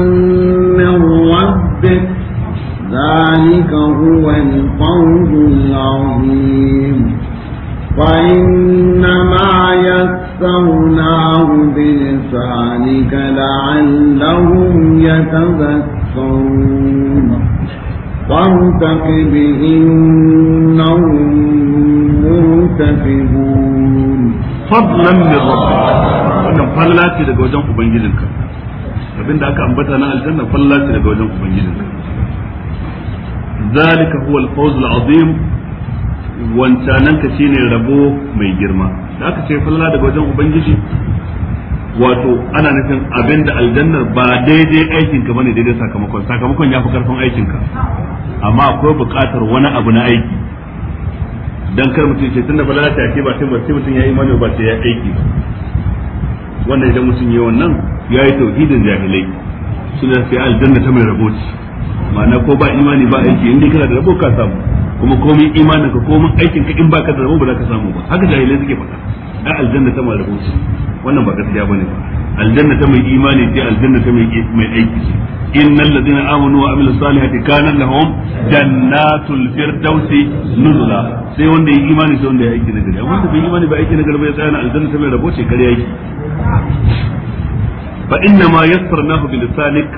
min rabbik ذلك هو الفوز العظيم فإنما يسرناه بلسانك لعلهم يتذكرون فارتقب إنهم مرتقبون فضلا من ربك wannan falla ce daga wajen ubangijinka aka ambata na aljanna falla ce daga wajen ubangijinka ذلك هو الفوز العظيم al-azim ربو ka shine rabo mai girma da aka ce wato ana nufin abin da aljannar ba daidai aikin ka bane daidai sakamakon sakamakon ya fi karfin aikin ka amma akwai buƙatar wani abu na aiki dan kar mutum ce tunda bala ta ke ba sai mutum ya yi imani ba sai ya aiki ba wannan idan mutum ya wannan ya yi tauhidin jahilai suna sai aljanna ta mai rabo ma'ana ko ba imani ba aiki inda kana da rabo ka samu kuma komai imanin ka komai aikin ka in baka da rabo ba za ka samu ba haka jahilai suke faɗa da aljanna ta mai rabo wannan ba gaskiya bane ba aljanna ta mai imani ce aljanna ta mai mai aiki innal ladina amanu wa amilus salihati kana lahum jannatul firdausi nuzula sai wanda ya imani sai wanda ya aiki na gari wanda bai imani ba aiki na gari ba ya tsaya na aljanna ta mai rabo ce kare yake fa inna ma yassarnahu bilisanik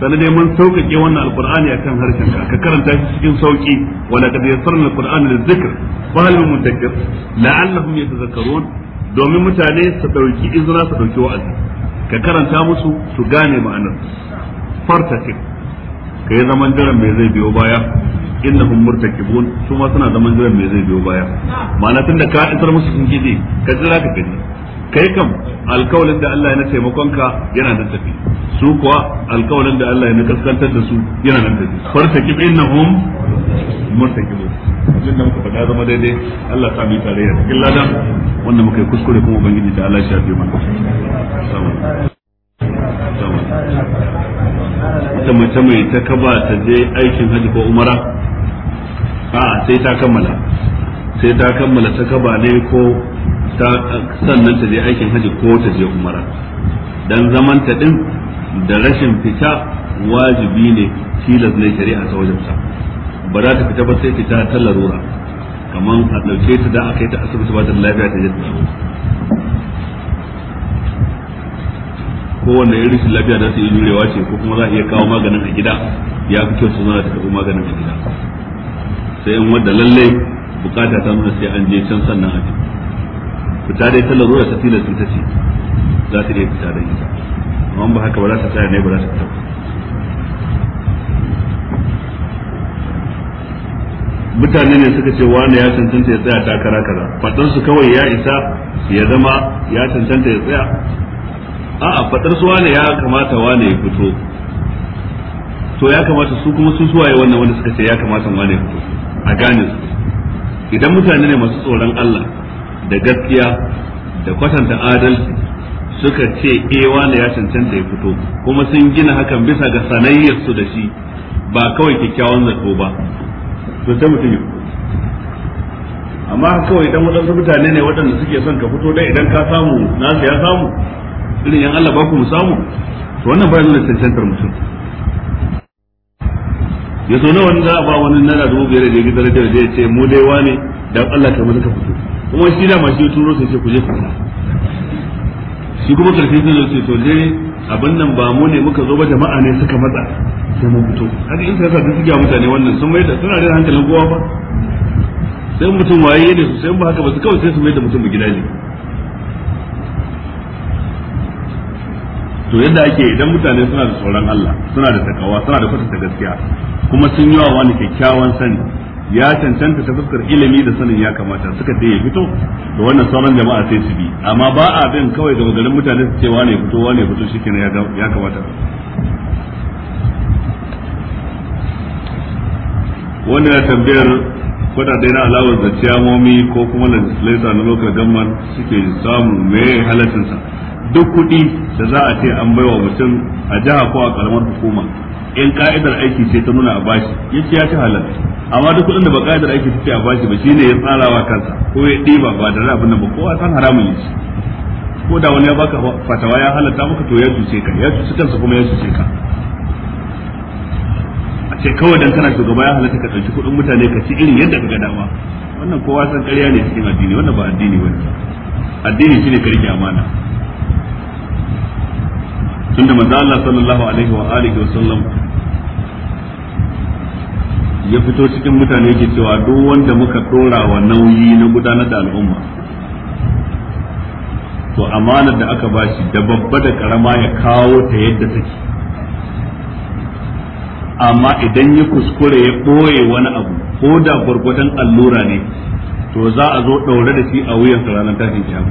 sannan dai mun sauƙaƙe wannan Alƙur'ani akan harshen ka ka karanta shi cikin sauƙi wala qad yassarna alqur'ana lizikr fa hal min mudakkir la'allahum yatazakkarun domin mutane su dauki izra su dauki wa'azi ka karanta musu su gane ma'anar fartatin ka yi zaman jiran mai zai biyo baya innahum murtakibun su ma suna zaman jiran mai zai biyo baya ma'ana tunda ka isar musu sun gidi ka jira ka gani kai kam alkawalin da Allah ya na taimakonka yana nan tafi su kuwa alkawalin da Allah ya na kaskantar da su yana nan tafi farta kib innahum murtakibun abin da muka faɗa zama daidai Allah ta mu tarayya cikin ladan wanda muka yi kuskure kuma ubangiji ta Allah ya shafe mana wata mace mai ta kaba ta je aikin hajji ko umara a sai ta kammala sai ta kammala ta kaba ne ko sannan ta je aikin haji ko ta je umara dan zaman ta din da rashin fita wajibi ne tilas ne shari'a ta wajibta ba za ta fita ba sai fita ta larura kamar a ɗauke ta da aka yi ta asibiti ba ta lafiya ta jadda kowanne irin rashin lafiya za su yi jurewa ce ko kuma za a iya kawo maganin a gida ya fi kyau su zana ta maganin a gida sai in wadda lallai bukata ta nuna sai an je can sannan a fita dai ta larura ta su ta ce za ta iya fita da ita amma ba haka ba za ta tsaya ne ba za ta fita ba mutane ne suka ce wani ya cancanta ya tsaya takara kaza fadar su kawai ya isa ya zama ya cancanta ya tsaya a'a fadar su wane ya kamata wane ya fito to ya kamata su kuma su suwaye wannan wanda suka ce ya kamata wane ya fito a gane su idan mutane ne masu tsoron Allah da gaskiya da kwatanta adalci suka ce ewa eh, ne ya cancanta ya fito kuma sun gina hakan bisa ga sanayyar su da shi ba kawai kyakkyawan zato ba to sai mutum ya amma kawai dan waɗansu mutane ne waɗanda suke son ka fito dai idan ka samu nasu ya samu irin yan Allah ba ku mu samu to wannan ba nuna cancantar mutum ya so wani za a ba wani nana dubu biyar da ya gidan da ya ce mu dai wane dan Allah ka mu ka fito kuma shi da mashi turo sai ce ku je ku shi kuma karfi zai zo ce to dai abin nan ba mu ne muka zo ba jama'a ne suka matsa sai mu fito haka in sai sa suke mutane wannan sun mai da suna da hankalin kowa ba sai mutum waye ne su sai ba haka ba su kawai sai su mai da mutum gida ne to yadda ake idan mutane suna da tsoron Allah suna da takawa suna da kwatanta gaskiya kuma sun yi wa wani kyakkyawan sani ya cancanta ta fuskar ilimi da sanin ya kamata suka ce ya fito da wannan sauran jama'a sai su bi amma ba a bin kawai ga garin mutane su ce wane fito wane fito shikenan ya kamata Wani ya tambayar kwadadai na alawar da ciyamomi ko kuma legislator na local government suke samu mai halacinsa duk kuɗi da za a ce an baiwa mutum a jiha ko a karamar hukuma in ka'idar aiki ce ta nuna a bashi ya ce ya ci halal amma duk kudin da ba ka'idar aiki ta ce a bashi ba shine ya wa kansa ko ya ɗiba ba da rabin nan ba kowa san haramun ya ci ko da wani ya baka fatawa ya halatta maka to ya cuce ka ya cuce kansa kuma ya cuce ka a ce kawai dan kana shugaba ya halatta ka ɗauki kuɗin mutane ka ci irin yadda ka ga dama wannan kowa san ƙarya ne cikin addini wannan ba addini wani. addini shine ka rike amana tunda manzo Allah sallallahu alaihi wa alihi wa sallam ya fito cikin mutane ke cewa duk wanda muka dora wa nauyi na gudanar da al'umma to amanar da aka bashi da babba da karama ya kawo ta yadda take amma idan ya kuskure ya ɓoye wani abu ko da gwargwadon allura ne to za a zo ɗaure da shi a wuyan ranar tashin kiyama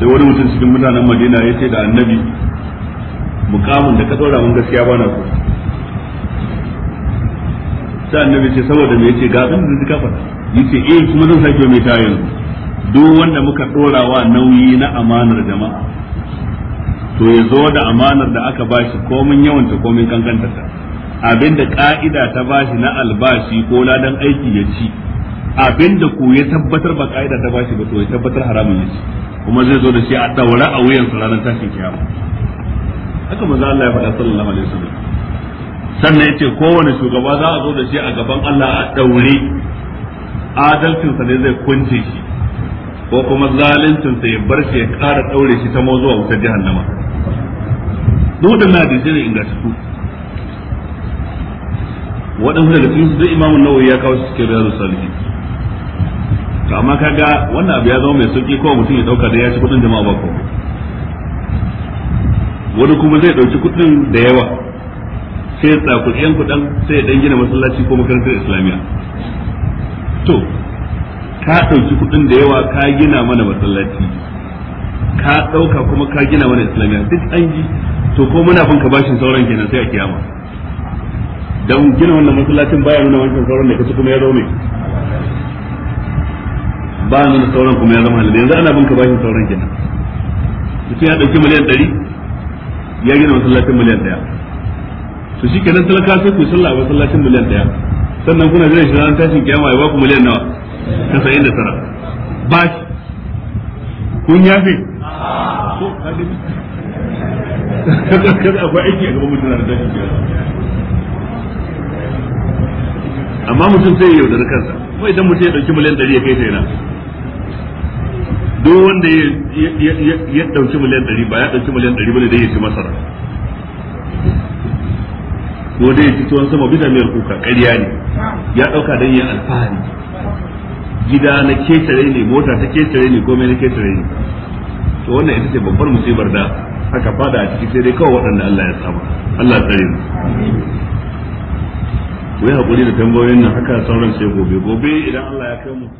sai wani mutum cikin mutanen madina ya ce da annabi mukamin da ka dora mun gaskiya bana ku sai annabi ce saboda me yace ga abin da ka faɗa yace eh kuma zan sake mai ta duk wanda muka dora wa nauyi na amanar jama'a to ya zo da amanar da aka bashi komin yawanta komin kankanta ta abinda ka'ida ta bashi na albashi ko ladan aiki ya ci abinda ku ya tabbatar ba ka'ida ta bashi ba to ya tabbatar haramun ya ci kuma zai zo da shi a daura a wuyan ranar tashin kiyama haka manzo Allah ya faɗa sallallahu alaihi wasallam sannan yace kowane shugaba za a zo da shi a gaban Allah a daure sa ne zai kunce shi ko kuma zaluncinsa ya bar shi ya ƙara daure shi ta zuwa wutar jahannama da na da ne ingantattu waɗansu daga cikin su da imamu nawawi ya kawo su cikin riyadu salihin to amma kaga wannan abu ya zama mai sauki ko mutum ya dauka da ya ci kudin jama'a ba ko wani kuma zai ɗauki kuɗin da yawa sai ya tsaku ɗiyan kuɗin sai ya ɗan gina masallaci ko makarantar islamiyya to ka ɗauki kuɗin da yawa ka gina mana masallaci ka ɗauka kuma ka gina mana islamiyya duk an ji to ko muna fanka bashin sauran kenan sai a kiyama Don gina wannan masallacin baya nuna wancan sauran da kasu kuma ya zaune ba nuna sauran kuma ya zama halal yanzu ana bin ka bashin sauran kenan mutum ya ɗauki miliyan ɗari ya gina masallacin miliyan daya su shi kenan talaka sai ku sallah a masallacin miliyan daya sannan kuna jiran shi ran tashin kiyama ya baku miliyan nawa tasa'in da tara ba shi kun yafe akwai aiki a gaban mutum na tashin kiyama amma mutum sai ya yaudar kansa kuma idan mutum ya dauki miliyan ɗari ya kai sai na duk wanda ya dauki miliyan ɗari ba ya dauki miliyan ɗari bane dai ya ci masara ko dai ya ci tuwon sama bisa miyar kuka ƙarya ne ya ɗauka dan yin alfahari gida na ketare ne mota ta ketare ne komai na ketare ne to wannan ita ce babbar musibar da aka fada a ciki sai dai kawai waɗanda Allah ya saba Allah tsare mu ku yi haƙuri da tambayoyin nan haka sauran sai gobe gobe idan Allah ya kai mu